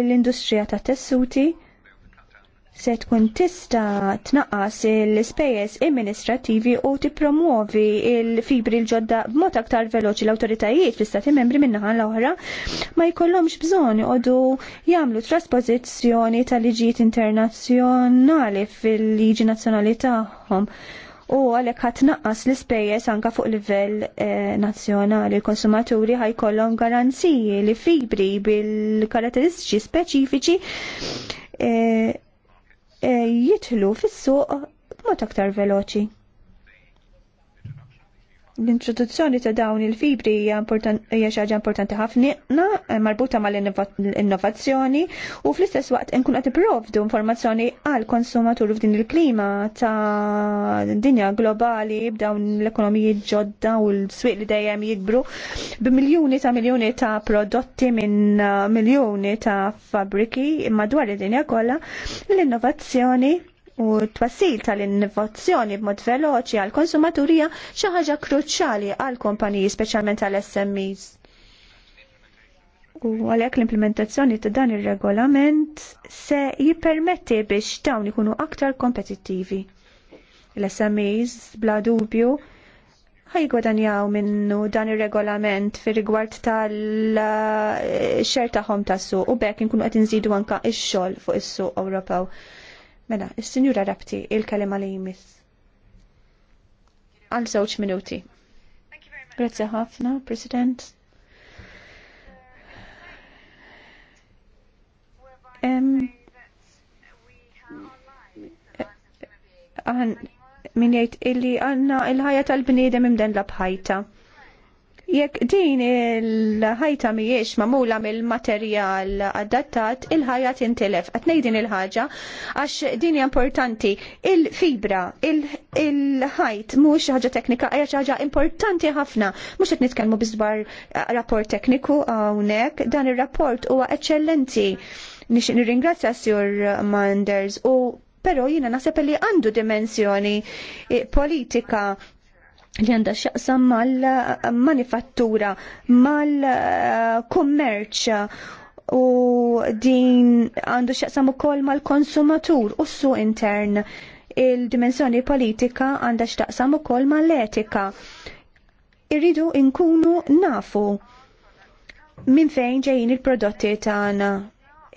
l-industrija ta' tessuti se tkun tista tnaqqas l-ispejjeż amministrativi u tippromuovi il-fibri l-ġodda b'mod aktar veloċi l-awtoritajiet fl-istati membri minnaħan l-oħra ma jkollhomx bżonn iqogħdu jagħmlu trasposizzjoni tal-liġijiet internazzjonali fil-liġi nazzjonali tagħhom u għalek ħatnaqqas l-ispejjeż anka fuq livell eh, nazzjonali. Il-konsumaturi ħajkollhom garanziji li fibri bil-karatteristiċi speċifiċi eh, Eh, jitlu fis-suq b'mod aktar veloċi l-introduzzjoni ta' dawn il-fibri hija xaġa importanti ħafna eh, marbuta mal-innovazzjoni u fl-istess waqt nkun qed iprovdu informazzjoni għal konsumatur f'din il-klima ta' dinja globali b'dawn l-ekonomiji ġodda u l-swieq li dejjem jikbru b'miljuni ta' miljuni ta' prodotti minn eh, miljuni ta' fabriki madwar id-dinja kollha l-innovazzjoni u twassil tal-innovazzjoni b'mod veloċi għal konsumaturija xi ħaġa kruċjali għal kumpaniji speċjalment għal SMEs. U għalhekk l-implementazzjoni ta' dan ir-regolament se jippermetti biex dawn ikunu aktar kompetittivi. L-SMEs bla dubju ħajgwadanjaw minnu dan ir-regolament fir rigward tal-xer tas-suq u bekk inkunu qed inżidu anke ix-xogħol fuq is-suq Ewropew. Mela, il-Sinjura Rabti, il-kalima li jimis. Għal żewġ minuti. Grazie ħafna, President. Eh, eh, għan, min jgħid illi għanna il-ħajja tal-bniedem imden la bħajta. Jekk din il-ħajta mhijiex ma'mula mill-materjal adattat, il-ħajja tintilef. Għatnej ngħid din il-ħaġa għax din hija importanti. Il-fibra, il-ħajt mhux ħaġa teknika, hija ħaġa importanti ħafna. Mhux qed nitkellmu bizbar rapport tekniku hawnhekk, dan ir-rapport huwa eċċellenti. Nixtieq nirringrazzja Sur Manders u però jina naħseb li għandu dimensjoni politika li għanda xaqsam mal-manifattura, mal-kommerċ u din għandu xaqsam u kol mal-konsumatur u su intern. Il-dimensjoni politika għanda xtaqsam u kol mal-etika. Irridu inkunu nafu minn fejn ġejjin il-prodotti tagħna.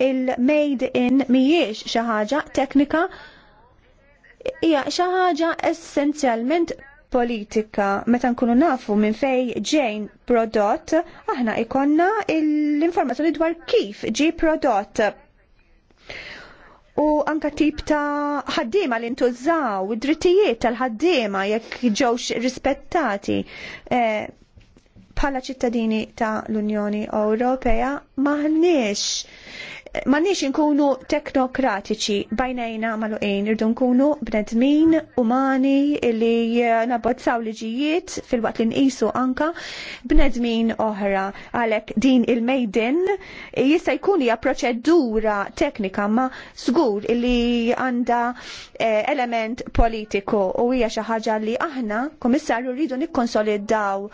Il-made in mhijiex xi ħaġa teknika hija xi ħaġa essenzjalment politika meta nkunu nafu minn fej ġejn prodott, aħna ikonna l-informazzjoni dwar kif ġi prodott. U anka tip ta' ħaddiema li ntużaw, id-drittijiet tal-ħaddiema jekk ġewx rispettati. Eh, bħala ċittadini ta' l-Unjoni Ewropea maħniex Ma nix nkunu teknokratiċi bajnejna maluqin, irdu nkunu bnedmin umani illi nabbozzaw liġijiet fil-waqt li nqisu anka bnedmin oħra għalek din il-mejden jista' jkun hija proċedura teknika ma żgur li għandha eh, element politiku u hija xi ħaġa li aħna, komissarju, rridu nikkonsolidaw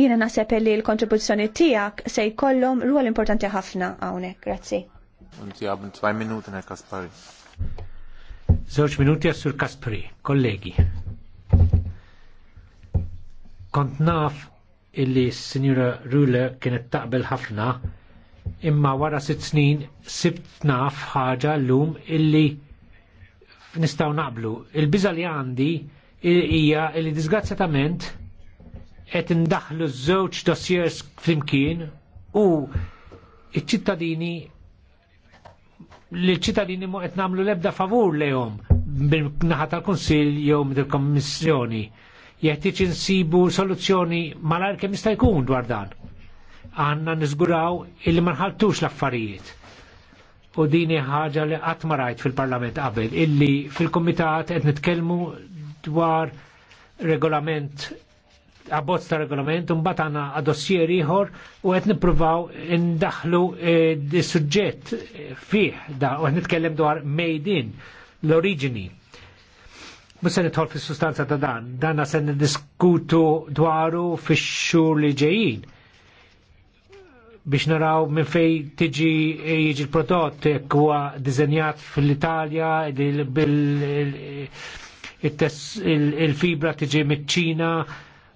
Jiena naħseb li l-kontribuzzjoni tiegħek se jkollhom ruol importanti ħafna hawnhekk. Grazzi. Unti għabn 2 minuti nek Kaspari. Żewġ minuti għas-Sur Kaspari, kollegi. Kont naf illi s-Sinjura Rule kienet taqbel ħafna imma wara sitt snin sibt naf ħaġa llum illi nistgħu naqblu. Il-biża li għandi hija illi disgrazzjatament qed indaħlu żewġ dossiers flimkien u iċ-ċittadini li ċittadini mu qed nagħmlu l-ebda favur lehom bil-naħa tal-Kunsill jew mill-Kommissjoni. Jeħtieġ insibu soluzzjoni malajr kemm jista' jkun dwar dan. Għanna niżguraw illi ma nħaltux l-affarijiet u dini ħaġa li qatt ma rajt fil-parlament qabel, illi fil kumitat qed nitkellmu dwar regolament għabbozz ta' regolament, mbagħad għandna għadossier ieħor u qed nippruvaw indaħlu eh, di suġġett eh, fih da u qed nitkellem dwar made in l-oriġini. Musa se nidħol fis-sustanza ta' dan, danna se niddiskutu dwaru fi xhur li ġejjin biex naraw minn fej tiġi eh, jiġi l-prodott huwa dizenjat fil-Italja il-fibra tiġi miċ-Ċina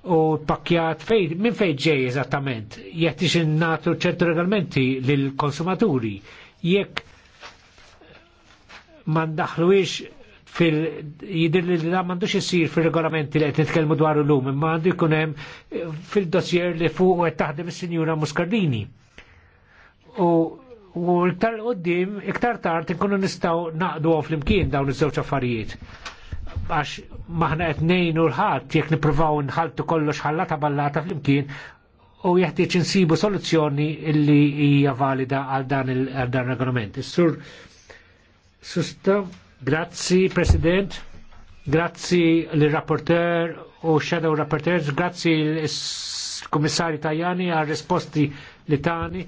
u pakjat fej, minn fej ġej eżattament, jekk ix natu ċertu regolamenti lill konsumaturi jekk ma iġ fil jidir li da mandux jessir fil-regolamenti li għet kelmu dwar l-lum, imma għandu jkunem fil-dossier li fuq għet taħdem il-Sinjura Muscardini. U u iktar qoddim, iktar tard nkunu nistaw naqdu fl-imkien dawn iż-żewġ affarijiet għax maħna qed ngħinu l-ħadd jekk nippruvaw nħaltu kollox ħallata ballata flimkien u jeħtieġ insibu soluzzjoni illi hija valida għal dan il-regolament. Is-sur Susta, grazzi President, grazzi l-rapporter u shadow rapporteurs, grazzi l-Kummissarju Tajani għal risposti li tani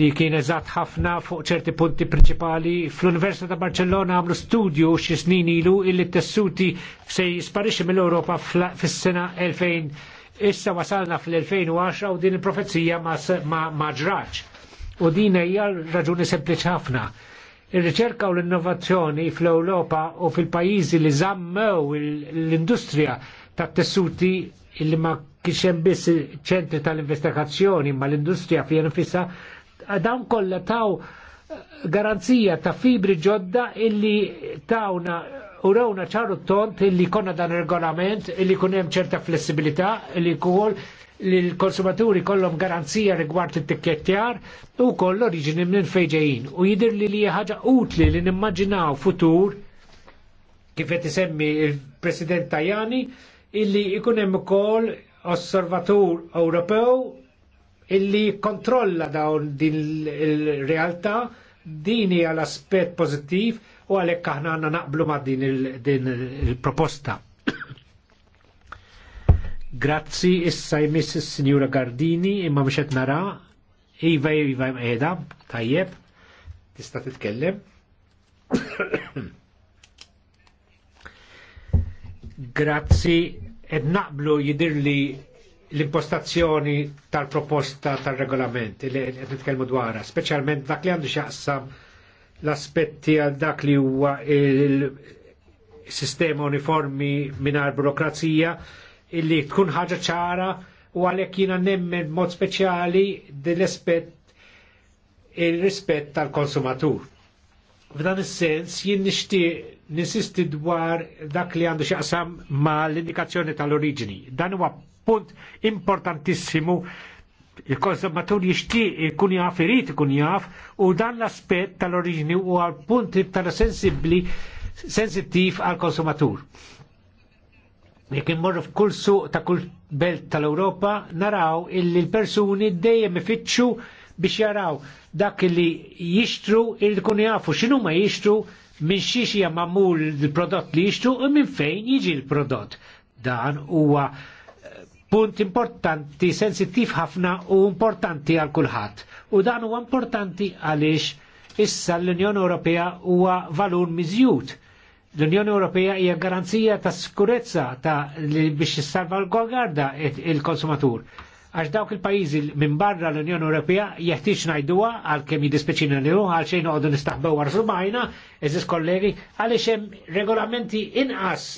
li kien eżatt ħafna fuq ċerti punti prinċipali. Fl-Università ta' Barcellona għamlu studju xi snin ilu illi t-tessuti se jisparixxi mill-Ewropa fis-sena 2000. Issa wasalna fl-2010 u din il-profezija ma ġraċ. U din hija raġuni sempliċi ħafna. Ir-riċerka u l-innovazzjoni fl-Ewropa u fil-pajjiżi li żammew l-industrija tat-tessuti illi ma kienx hemm biss ċentri tal-investigazzjoni ma l-industrija fija nifisha dawn kollha taw garanzija ta' fibri ġodda illi tawna u rawna ċaru tont illi konna dan regolament illi kun hemm ċerta flessibilità illi kull li l-konsumaturi kollhom garanzija rigward it tikkettjar u koll oriġini minn fejġejjin. U jidir li li ħaġa utli li nimmaġinaw futur kif qed isemmi il-President Tajani illi ikun hemm ukoll osservatur Ewropew illi kontrolla dawn din il-realtà dini għal aspet pozittiv u għalek aħna għanna naqblu ma din il-proposta. Grazzi issa jmiss il-Sinjura Gardini imma mxet nara Iva Iva Eda, iva, tajjeb, tista titkellem. Grazzi, ed naqblu jidirli l-impostazzjoni tal-proposta tal-regolament li qed nitkellmu dwarha, speċjalment dak li għandu x'jaqsam l-aspetti għal dak li huwa il-sistema uniformi mingħajr burokrazija illi tkun ħaġa ċara u għalhekk jiena nemmen mod speċjali l aspett il-rispett tal-konsumatur. F'dan is-sens jien nixtieq nisisti dwar dak li għandu x'jaqsam mal indikazzjoni tal-oriġini. Dan huwa punt importantissimu il-konsumatur jixtie ikun jaf irid ikun jaf u dan l-aspett tal-oriġini u għal punt iktar sensibli, sensittiv għal konsumatur. Jekk immorru f'kull suq ta' kull belt tal-Ewropa naraw illi l-persuni dejjem ifittxu biex jaraw dak li jixtru il-kun jafu xinu ma jixtru minn xiex hija il-prodott li jixtru u minn fejn jiġi l-prodott. Dan huwa punt importanti, sensittiv ħafna u importanti għal kulħadd. U dan huwa importanti għaliex issa l-Unjoni Ewropea huwa valur miżjud. L-Unjoni Ewropea hija garanzija ta' sikurezza ta' li biex issalva l-gogarda il-konsumatur. Għax dawk il-pajjiżi minn barra l-Unjoni Ewropea jeħtieġ ngħiduha għalkemm hu għal għalxejn noqogħdu nistaħbew wara subajna, eżis kollegi, għaliex hemm regolamenti inqas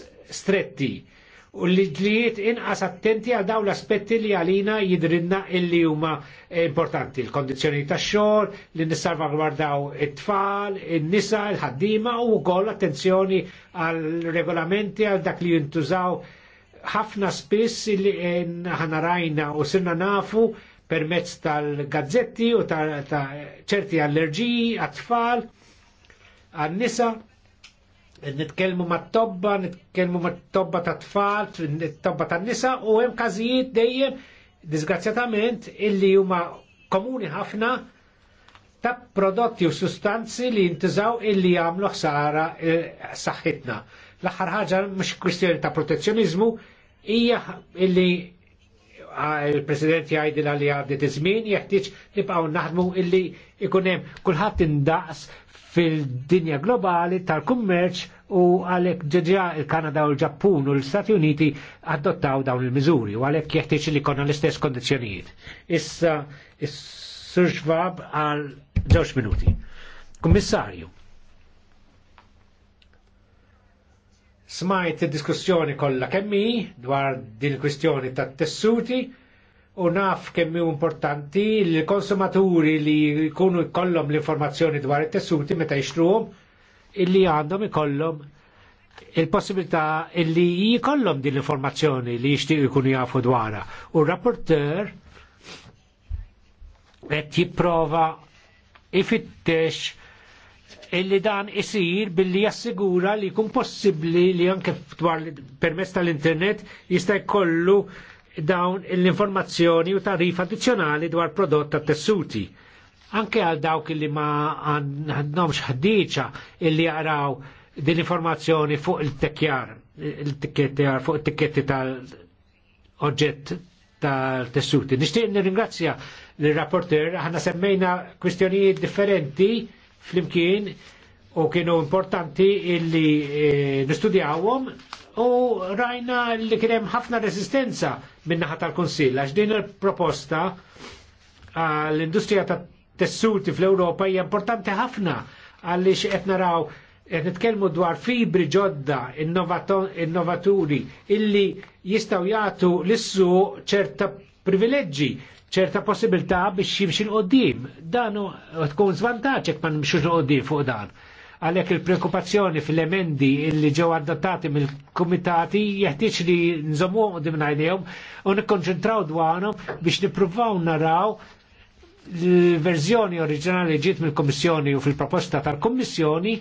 stretti u li ġlijiet inqas attenti għal daw l-aspetti li għalina jidrinna illi huma importanti. l kondizjoni ta' xor, li nissarva għardaw it-tfal, il-nisa, il-ħaddima u wkoll attenzjoni għal regolamenti għal dak li jintużaw ħafna spiss li rajna u sirna nafu permezz tal-gazzetti u ta' ċerti allerġiji għat-tfal, għan-nisa nitkellmu ma' tobba, nitkellmu ma' tobba ta' tfal, tobba ta' nisa u hemm każijiet dejjem disgrazzjatament illi huma komuni ħafna ta' prodotti u sustanzi li jintużaw illi jagħmlu ħsara e, saħħitna. L-aħħar ħaġa mhux kwistjoni ta' protezzjonizmu hija illi il-President jgħidil li għaddit iż-żmien jeħtieġ nibqgħu naħdmu illi ikun hemm kulħadd indaqs fil-dinja globali tal-kummerċ u għalek ġeġa il-Kanada u l-Ġappun u l-Stati Uniti adottaw dawn il-mizuri u għalek jeħtieġ li konna l-istess kondizjonijiet. Issa, Sur Schwab għal ġewx minuti. Kummissarju, smajt diskussjoni kollha kemmi dwar din il-kwistjoni ta' tessuti u naf kemm importanti li l-konsumaturi li jkunu jkollhom l-informazzjoni dwar it-tessuti meta jixtruhom illi għandhom ikollhom il-possibilità illi jikollhom din l-informazzjoni li jixtiq ikun jafu dwarha. U r-rapporter qed jipprova ifittex illi dan isir billi jassigura li jkun possibbli li anke dwar permess tal-internet jista' jkollu dawn l-informazzjoni u tarif addizzjonali dwar prodott tat tessuti anke għal dawk li ma għandhomx ħdiċa illi jaraw din informazzjoni fuq il-tekjar, il tekjar fuq il-tikketti tal-oġġett tal-tessuti. Nishtiq nirringrazzja l-rapporter, ħana semmejna kwistjonijiet differenti fl-imkien u kienu importanti illi eh, nistudjawhom u rajna li kienem ħafna resistenza minnaħat tal-Konsil, għax din il-proposta l-industrija ta' tessuti fl-Ewropa hija importanti ħafna għaliex qed naraw qed nitkellmu dwar fibri ġodda innovaturi illi jistgħu jagħtu lissu ċerta privileġġi ċerta possibilità biex jimxin qoddim. Dan tkun zvantaġġ jekk ma nimxux qoddim fuq dan. Għalhekk il-prekupazzjoni fil-emendi illi ġew adattati mill-kumitati jeħtieġ li nżommu qudiem ngħidihom u nikkonċentraw dwarhom biex nippruvaw naraw l-verżjoni oriġinali ġiet mill-Kommissjoni u fil-proposta tal-Kommissjoni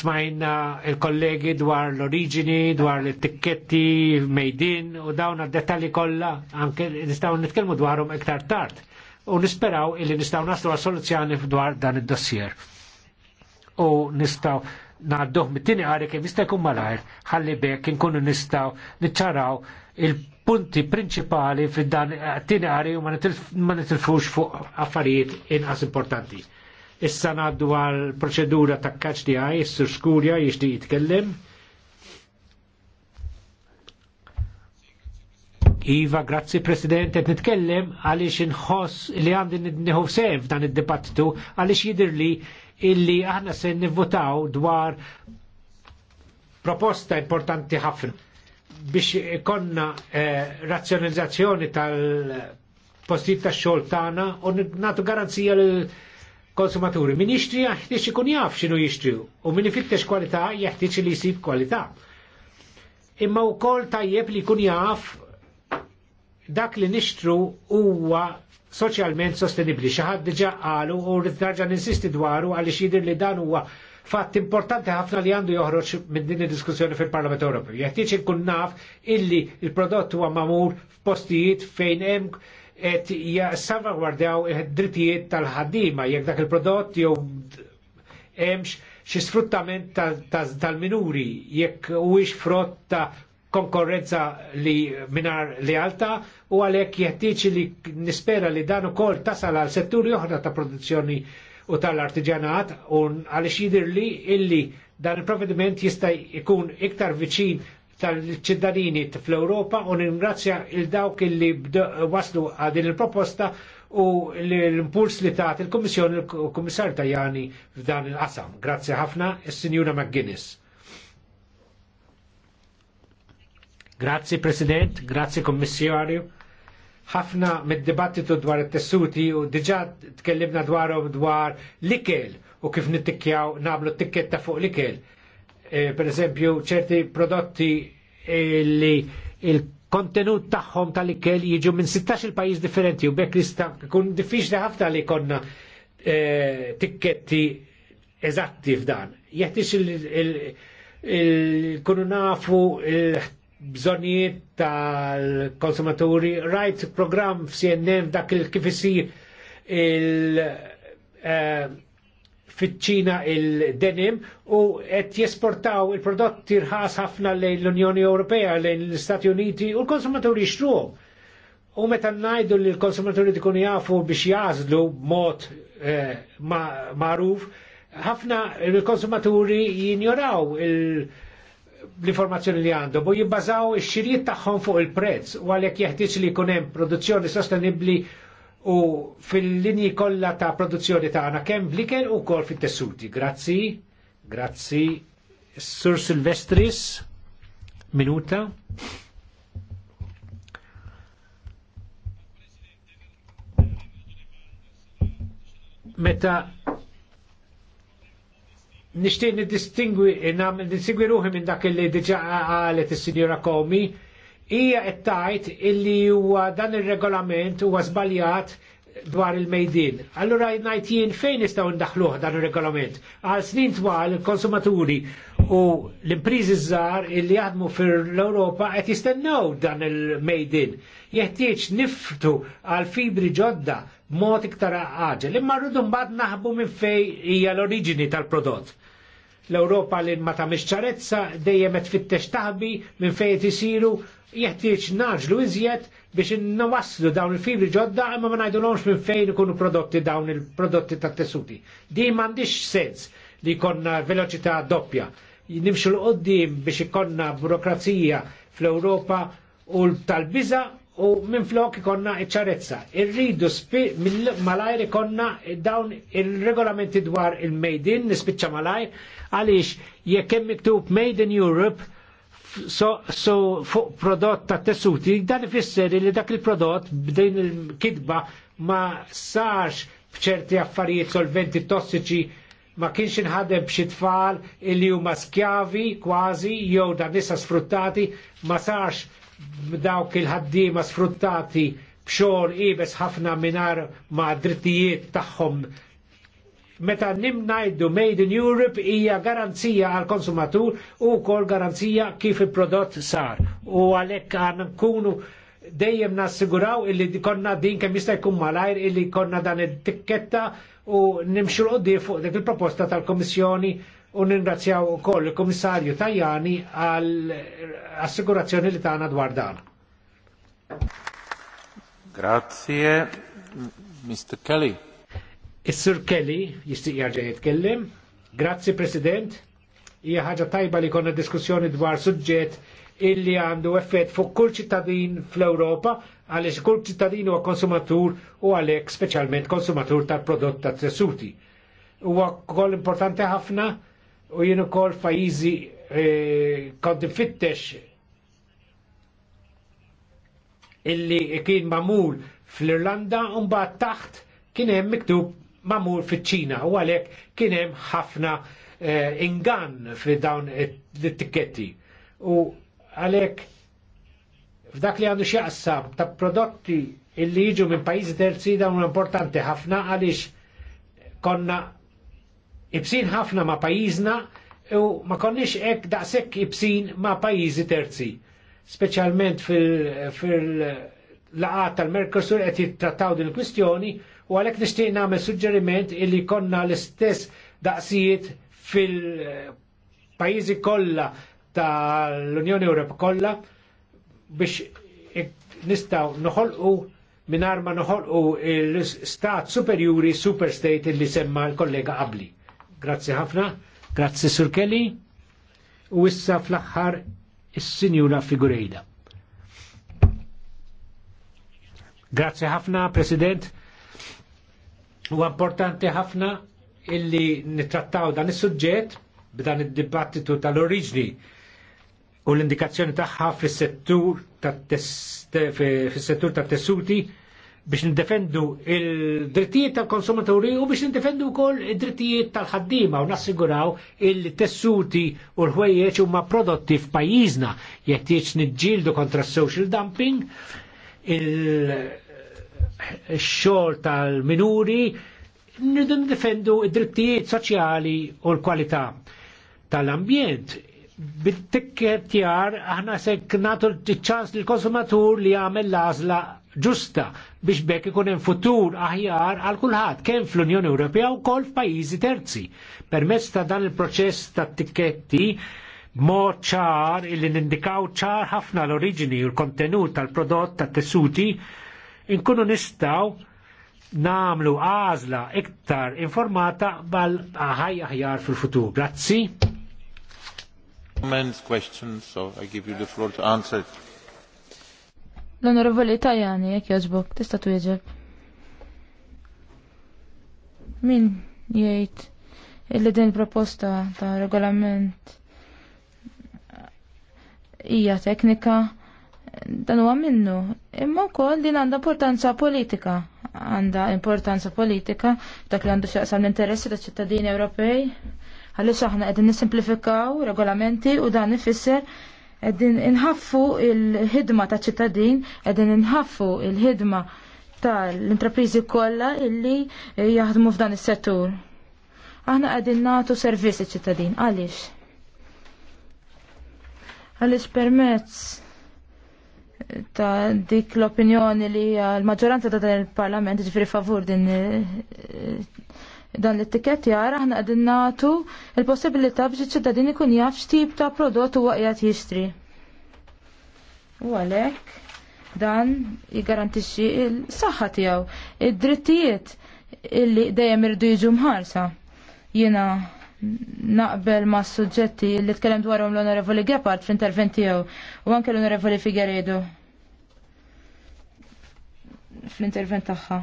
smajna il-kollegi dwar l-oriġini, dwar l-tikketti, mejdin u dawna dettalji kollha anke nistgħu nitkellmu dwarhom iktar tard u nisperaw illi nistgħu naslu għal soluzzjoni dwar dan id-dossier. U nistaw, naħdduh mit-tini għari kem jistajkun malajr, ħalli bekk nkunu nistaw niċċaraw il-punti principali fid-dan tini għari u ma nitilfux fuq affarijiet inqas importanti. Issa naħddu għal proċedura ta' kaċ di għaj, s-sur jiex di jitkellem. Iva, grazzi President, et nitkellem għalix nħoss li għandi nħu sev dan id-dibattitu għalix jidir li illi aħna se nivvotaw dwar proposta importanti ħafna biex konna eh, razzjonalizzazzjoni tal postit ta' xogħol tagħna u natu garanzija l konsumaturi. Min jixtri jaħtieġ ikun jaf x'inhu jixtri u min ifittex kwalità jeħtieġ li jisib kwalità. Imma wkoll tajjeb li jkun jaf dak li nixtru huwa soċjalment sostenibli. ħadd diġà qalu u rritarġa ninsisti dwaru għaliex jidher li dan huwa fatt importanti ħafna li għandu joħroġ minn din id-diskussjoni fil-Parlament Ewropew. Jeħtieġ inkun naf illi l prodott huwa mamur f'postijiet fejn hemm qed salvagwardjaw id-drittijiet tal-ħaddiema jekk dak il-prodott jew hemmx xi sfruttament tal-minuri jekk huwiex frott ta' konkurrenza li minar li alta u għalhekk jeħtieġ li nispera li dan ukoll tasal għal setturi oħra ta' produzzjoni u tal-artiġanat u għaliex jidher li illi dan il-provvediment jista' jkun iktar viċin tal-ċittadini fl-Europa u ningrazzja il-dawk li waslu għadin il-proposta u l-impuls li ta' il-Kommissjoni, il-Kommissar Tajani f'dan il-qasam. Grazzi ħafna, il sinjuna McGuinness. Grazzi President, grazzi Kommissarju. Ħafna mid-dibattitu dwar it-tessuti u diġà tkellimna dwarhom dwar l-ikel u kif nittikjaw nagħmlu t-tikketta fuq l-ikel. E, per eżempju, ċerti prodotti e, li il kontenut tagħhom tal-ikel jiġu minn 16 pajjiż differenti u bekk lista kun diffiċli ħafna li konna e, tikketti eżatti f'dan. Jeħtiex il-kunu il, il, nafu il bżonijiet tal-konsumaturi, rajt program f'CNN dak il-kif isir il- eh, fiċ-ċina il-denim u qed jesportaw il-prodotti rħas ħafna lejn l-Unjoni Ewropea, lejn l-Istati Uniti u l-konsumaturi jixtruhom. U meta ngħidu li l-konsumaturi dikun jafu biex jażlu b'mod eh, magħruf, ħafna l-konsumaturi jinjoraw il- l-informazzjoni li għandu, bo jibbazaw ix-xirjiet tagħhom fuq il-prezz u għalek jeħtieġ li kunem produzzjoni sostenibli u fil-linji kollha ta' produzzjoni ta' għana kem bliken u kol fit-tessuti. Grazzi, grazzi. Sur Silvestris, minuta. Meta nishtiq nidistingwi, namel distingwi ruħi minn dak li diġa għalet il-Sinjora Komi, hija qed tajt illi huwa dan ir-regolament huwa żbaljat dwar il-mejdin. Allura ngħid jien fejn nistgħu ndaħluh dan ir-regolament. Għal snin twal il-konsumaturi u l-impriżi żgħar illi fir fil-Ewropa qed jistennew dan il-mejdin. Jeħtieġ niftu għal fibri ġodda mod iktar għagġel. Imma rridu mbagħad naħbu minn fej hija l-oriġini tal-prodott. L-Ewropa li ma tagħmilx ċarezza dejjem qed fittex taħbi minn fejn qed isiru jeħtieġ naġlu iżjed biex innawaslu dawn il-fibri ġodda imma ma ngħidulhomx minn fejn ikunu prodotti dawn il-prodotti tat-tessuti. Di m'għandix sens li jkollna veloċità doppja. Nimxu l-qoddim biex ikonna burokrazija fl-Ewropa u tal-biża' u minn flok ikonna iċċarezza. Irridu spi malajr ikonna dawn il-regolamenti dwar il-Made in, nispiċċa malajr, għaliex jekk hemm miktub Made in Europe so, so fuq prodott ta' tessuti, dan ifisser li dak il-prodott b'dejn il-kidba ma sarx bċerti affarijiet solventi tossiċi ma kienx inħadem b'xi tfal illi huma skjavi kważi jew dan nisa sfruttati ma sarx dawk il-ħaddiema sfruttati b'xogħol ibes ħafna minar ma' drittijiet tagħhom. Meta nimnajdu Made in Europe hija garanzija għal konsumatur u kol garanzija kif il-prodott sar. U għalhekk għan kunu dejjem nassiguraw illi konna din kemm jista' jkun malajr illi konna dan it-tikketta u nimxu l fuq dik il-proposta tal-Komissjoni u u ukoll il-Komissarju Tajani għal assigurazzjoni li tagħna dwar dan. Grazie, Mr. Kelly. Is-Sur Kelly jistieq jarġa' jitkellim. Grazzi President. Ija ħaġa tajba li konna diskussjoni dwar suġġett illi għandu effett fuq kull ċittadin fl-Ewropa għaliex kull ċittadin huwa konsumatur u għalhekk speċjalment konsumatur tal-prodott ta' tessuti. Huwa koll importanti ħafna u jien ukoll pajjiżi eh, kont fittex illi kien mamul fl-Irlanda un mbagħad taħt kien hemm miktub mamul fiċ-Ċina u għalhekk kien hemm ħafna eh, ingann fi dawn l-tiketti. U għalhekk f'dak li għandu x'jaqsam ta' prodotti illi jiġu minn pajjiżi terzi dawn importanti ħafna għaliex konna ibsin ħafna ma' pajjiżna u ma konniex hekk daqshekk ibsin ma' pajjiżi terzi. Speċjalment fil-laqat tal-Merkosur qed jittrattaw din il-kwistjoni u għalhekk nixtieq nagħmel suġġeriment illi konna l-istess daqsijiet fil-pajjiżi eh, kollha tal-Unjoni Ewropa kollha biex nistaw noħolqu minar ma noħolqu l-stat superjuri superstate li semma l-kollega qabli. Grazzi ħafna, grazzi Sur Kelly, u issa fl-axħar il sinjura Figurejda. Grazzi ħafna, President. U importanti ħafna illi nittrattaw dan is-suġġett b'dan id-dibattitu tal-oriġni u l-indikazzjoni tagħha fis-settur tat-tessuti biex nindefendu il-drittijiet tal-konsumaturi u biex nindefendu wkoll il drittijiet tal ħaddima u nassiguraw il-tessuti u l u huma prodotti f'pajjiżna jeħtieġ niġġieldu kontra social dumping il xol tal-minuri nidu nindefendu il drittijiet soċjali u l-kwalità tal-ambjent bit aħna se nagħtu ċ-ċans lill konsumatur li jagħmel l ġusta biex bekk ikun hemm futur aħjar għal kulħadd kemm fl-Unjoni Ewropea wkoll f'pajjiżi terzi. Permezz ta' dan il-proċess ta' tikketti mo ċar illi nindikaw ċar ħafna l-oriġini u l-kontenut tal-prodott tat tessuti inkunu nistaw namlu għażla iktar informata bal ħaj aħjar fil-futur. Grazzi. Comments, questions, so I give you the floor to answer. L-Onorevoli Tajani, jek jazbok, tista tu Min jgħid illi din proposta ta' regolament hija teknika dan huwa minnu, imma wkoll din għandha importanza politika, għandha importanza politika dak li għandu xaqsam l-interessi ta' ċittadini Ewropej, għaliex aħna qegħdin nisimplifikaw regolamenti u dan ifisser Edin inħaffu il-ħidma ta' ċittadin, edin inħaffu il-ħidma tal-intraprizi kollha illi jaħdmu f'dan is-settur. Aħna qegħdin nagħtu servizi ċittadin Għaliex? Għaliex permezz ta' dik l-opinjoni li l-maġġoranza ta' dan il-Parlament ġifri favur din dan l etiket jara ħna għadin nagħtu il-possibilità biex iċ-ċittadin ikun jaf x'tip ta' prodott u għajat jistri. U għalhekk dan jiggarantixxi l-saħħa tiegħu, id-drittijiet illi dejjem irdu jiġu mħarsa. Jiena naqbel ma' suġġetti li tkellem dwarhom l-Onorevoli Gepard fl-intervent tiegħu u anke l-Onorevoli Figueredo fl-intervent tagħha.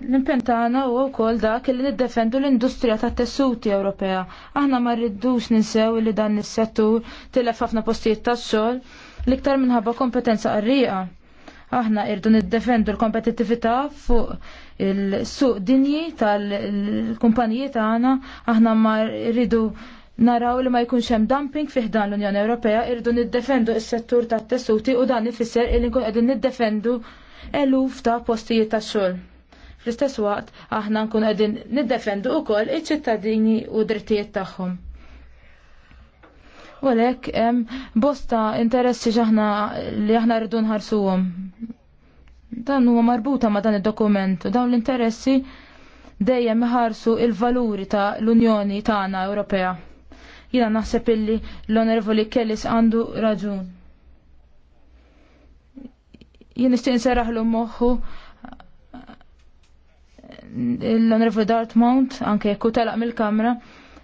L-impentana u wkoll dak li niddefendu l-industrija tat tessuti Ewropea. Aħna ma rridux ninsew li dan is-settur tilef ħafna postijiet tax-xogħol l-iktar minħabba kompetenza qarrieqa. Aħna irdu niddefendu l kompetitività fuq il-suq dinji tal-kumpaniji tagħna, aħna ma rridu naraw li ma jkunx hemm dumping fih dan l-Unjoni Ewropea irdu niddefendu s-settur tat-tessuti u dan ifisser illi nkun qegħdin niddefendu eluf ta' postijiet tax-xogħol. Fl-istess waqt aħna nkun qegħdin niddefendu wkoll iċ-ċittadini u drittijiet tagħhom. U għalhekk hemm bosta interessi x'aħna li aħna rridu nħarsuhom. Dan huwa marbuta ma' dan id-dokument u dawn l-interessi dejjem iħarsu il-valuri ta' l-Unjoni tagħna Ewropea. Jiena naħseb illi l-Onorevoli Kellis għandu raġun jien nixtieq nserraħlu moħħu l-Onorevoli Dartmount, anke jekk telaq mill-Kamra,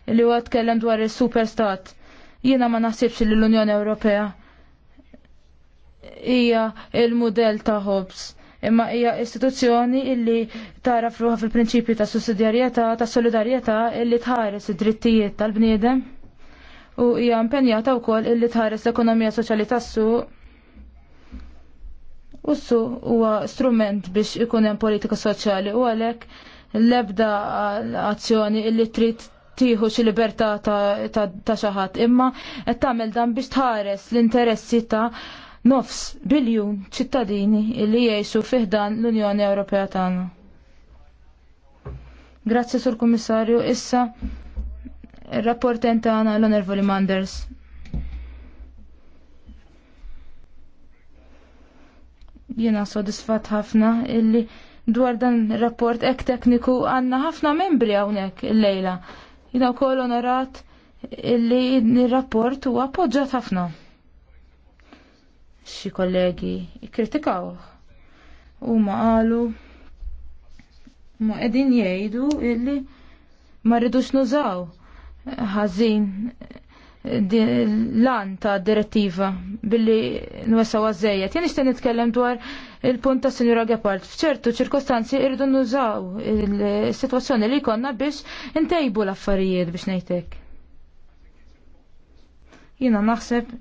li huwa tkellem dwar il-superstat. Jiena ma naħsibx li l-Unjoni Ewropea hija il-mudell ta' Hobbes imma hija istituzzjoni illi tara fruħa fil-prinċipju ta' sussidjarjetà, ta' solidarjetà illi tħares id-drittijiet tal-bniedem u hija impenjata wkoll illi tħares l-ekonomija soċjali tas-suq Ussu huwa strument biex ikun hemm politika soċjali u għalhekk l-ebda azzjoni illi trid tieħu xi libertà ta' xi ħadd imma qed tagħmel dan biex tħares l-interessi ta' nofs biljun ċittadini li jgħixu fiħdan l-Unjoni Ewropea tagħna. Grazzi Sur Kummissarju, issa ir-rapportent tagħna l-Onervoli Manders. Jiena sodisfat ħafna illi dwar dan rapport ek tekniku għanna ħafna membri hawnhekk illejla. Jiena wkoll onorat illi il-rapport huwa appoġġjat ħafna. Xi kollegi u ma qalu ma qegħdin jgħidu illi ma rridux nużaw ħażin l-an ta' direttiva billi n-wessaw għazzejet. Jien ixten nitkellem dwar il-punt ta' Sinjura Gepard. F'ċertu ċirkostanzi irridu nużaw il-situazzjoni li konna biex intejbu l-affarijiet biex nejtek. Jina naħseb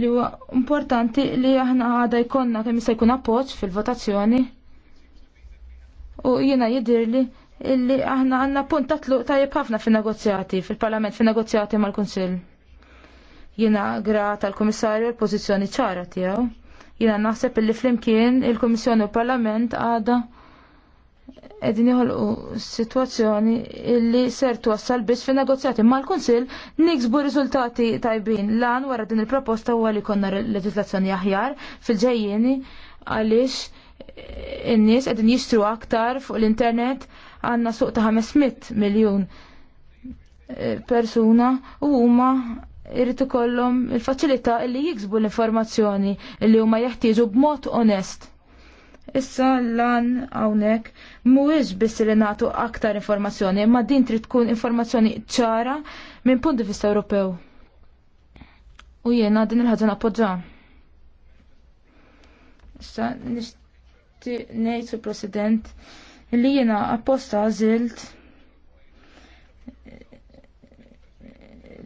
li huwa importanti li aħna għada jkonna kemm jista' jkun appoġġ fil-votazzjoni u jiena jidirli illi aħna għandna punt tatluq tajjeb ħafna fin-negozjati fil-Parlament fin-negozjati mal-Kunsill. Jina gra tal-Komissarju l-pozizjoni ċara tiegħu. Jina naħseb illi flimkien il-Komissjoni u l-Parlament għada edin joħolqu situazzjoni illi ser twassal biss fin negozjati ma l-Kunsil niksbu riżultati tajbin lan wara din il-proposta huwa li konna leġislazzjoni aħjar fil-ġejjieni għaliex in-nies qegħdin jixtru aktar fuq l-internet għandna suq ta' 500 miljun eh, persuna u huma irrid ikollhom il-faċilità li jiksbu l-informazzjoni li huma jeħtieġu b'mod onest. Issa lan hawnhekk mhuwiex biss li nagħtu aktar informazzjoni, imma din trid tkun informazzjoni ċara minn punt di vista Ewropew. U jiena din il-ħaġa nappoġġa. Issa nixtieq ngħid President li jiena apposta għażilt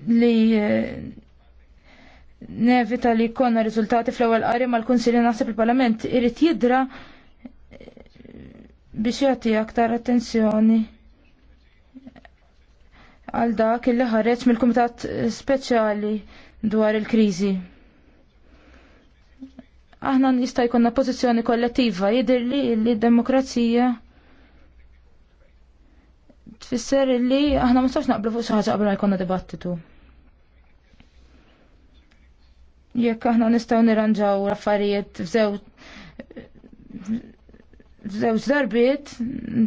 li eh, nevita li konna riżultati fl-ewwel qari mal-Kunsilli naħseb il-Parlament irid jidra eh, biex jagħti aktar attenzjoni għal dak illi ħareġ mill-Kumitat Speċjali dwar il-kriżi. Aħna nista' jkollna pożizzjoni kollettiva jidher li d-demokrazija tfisser li aħna ma nistax naqblu fuq xi ħaġa qabel ma jkollna dibattitu jekk aħna nistgħu nirranġaw affarijiet f'żew f'żewġ darbiet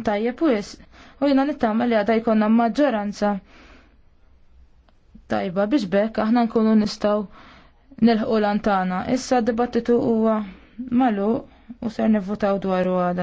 ntajjeb wis u jiena nittama li għadha jkollna maġġoranza tajba biex bekk aħna nkunu nistgħu nilħqu lantana. Issa d-dibattitu huwa malu u ser nivvutaw dwaru għada.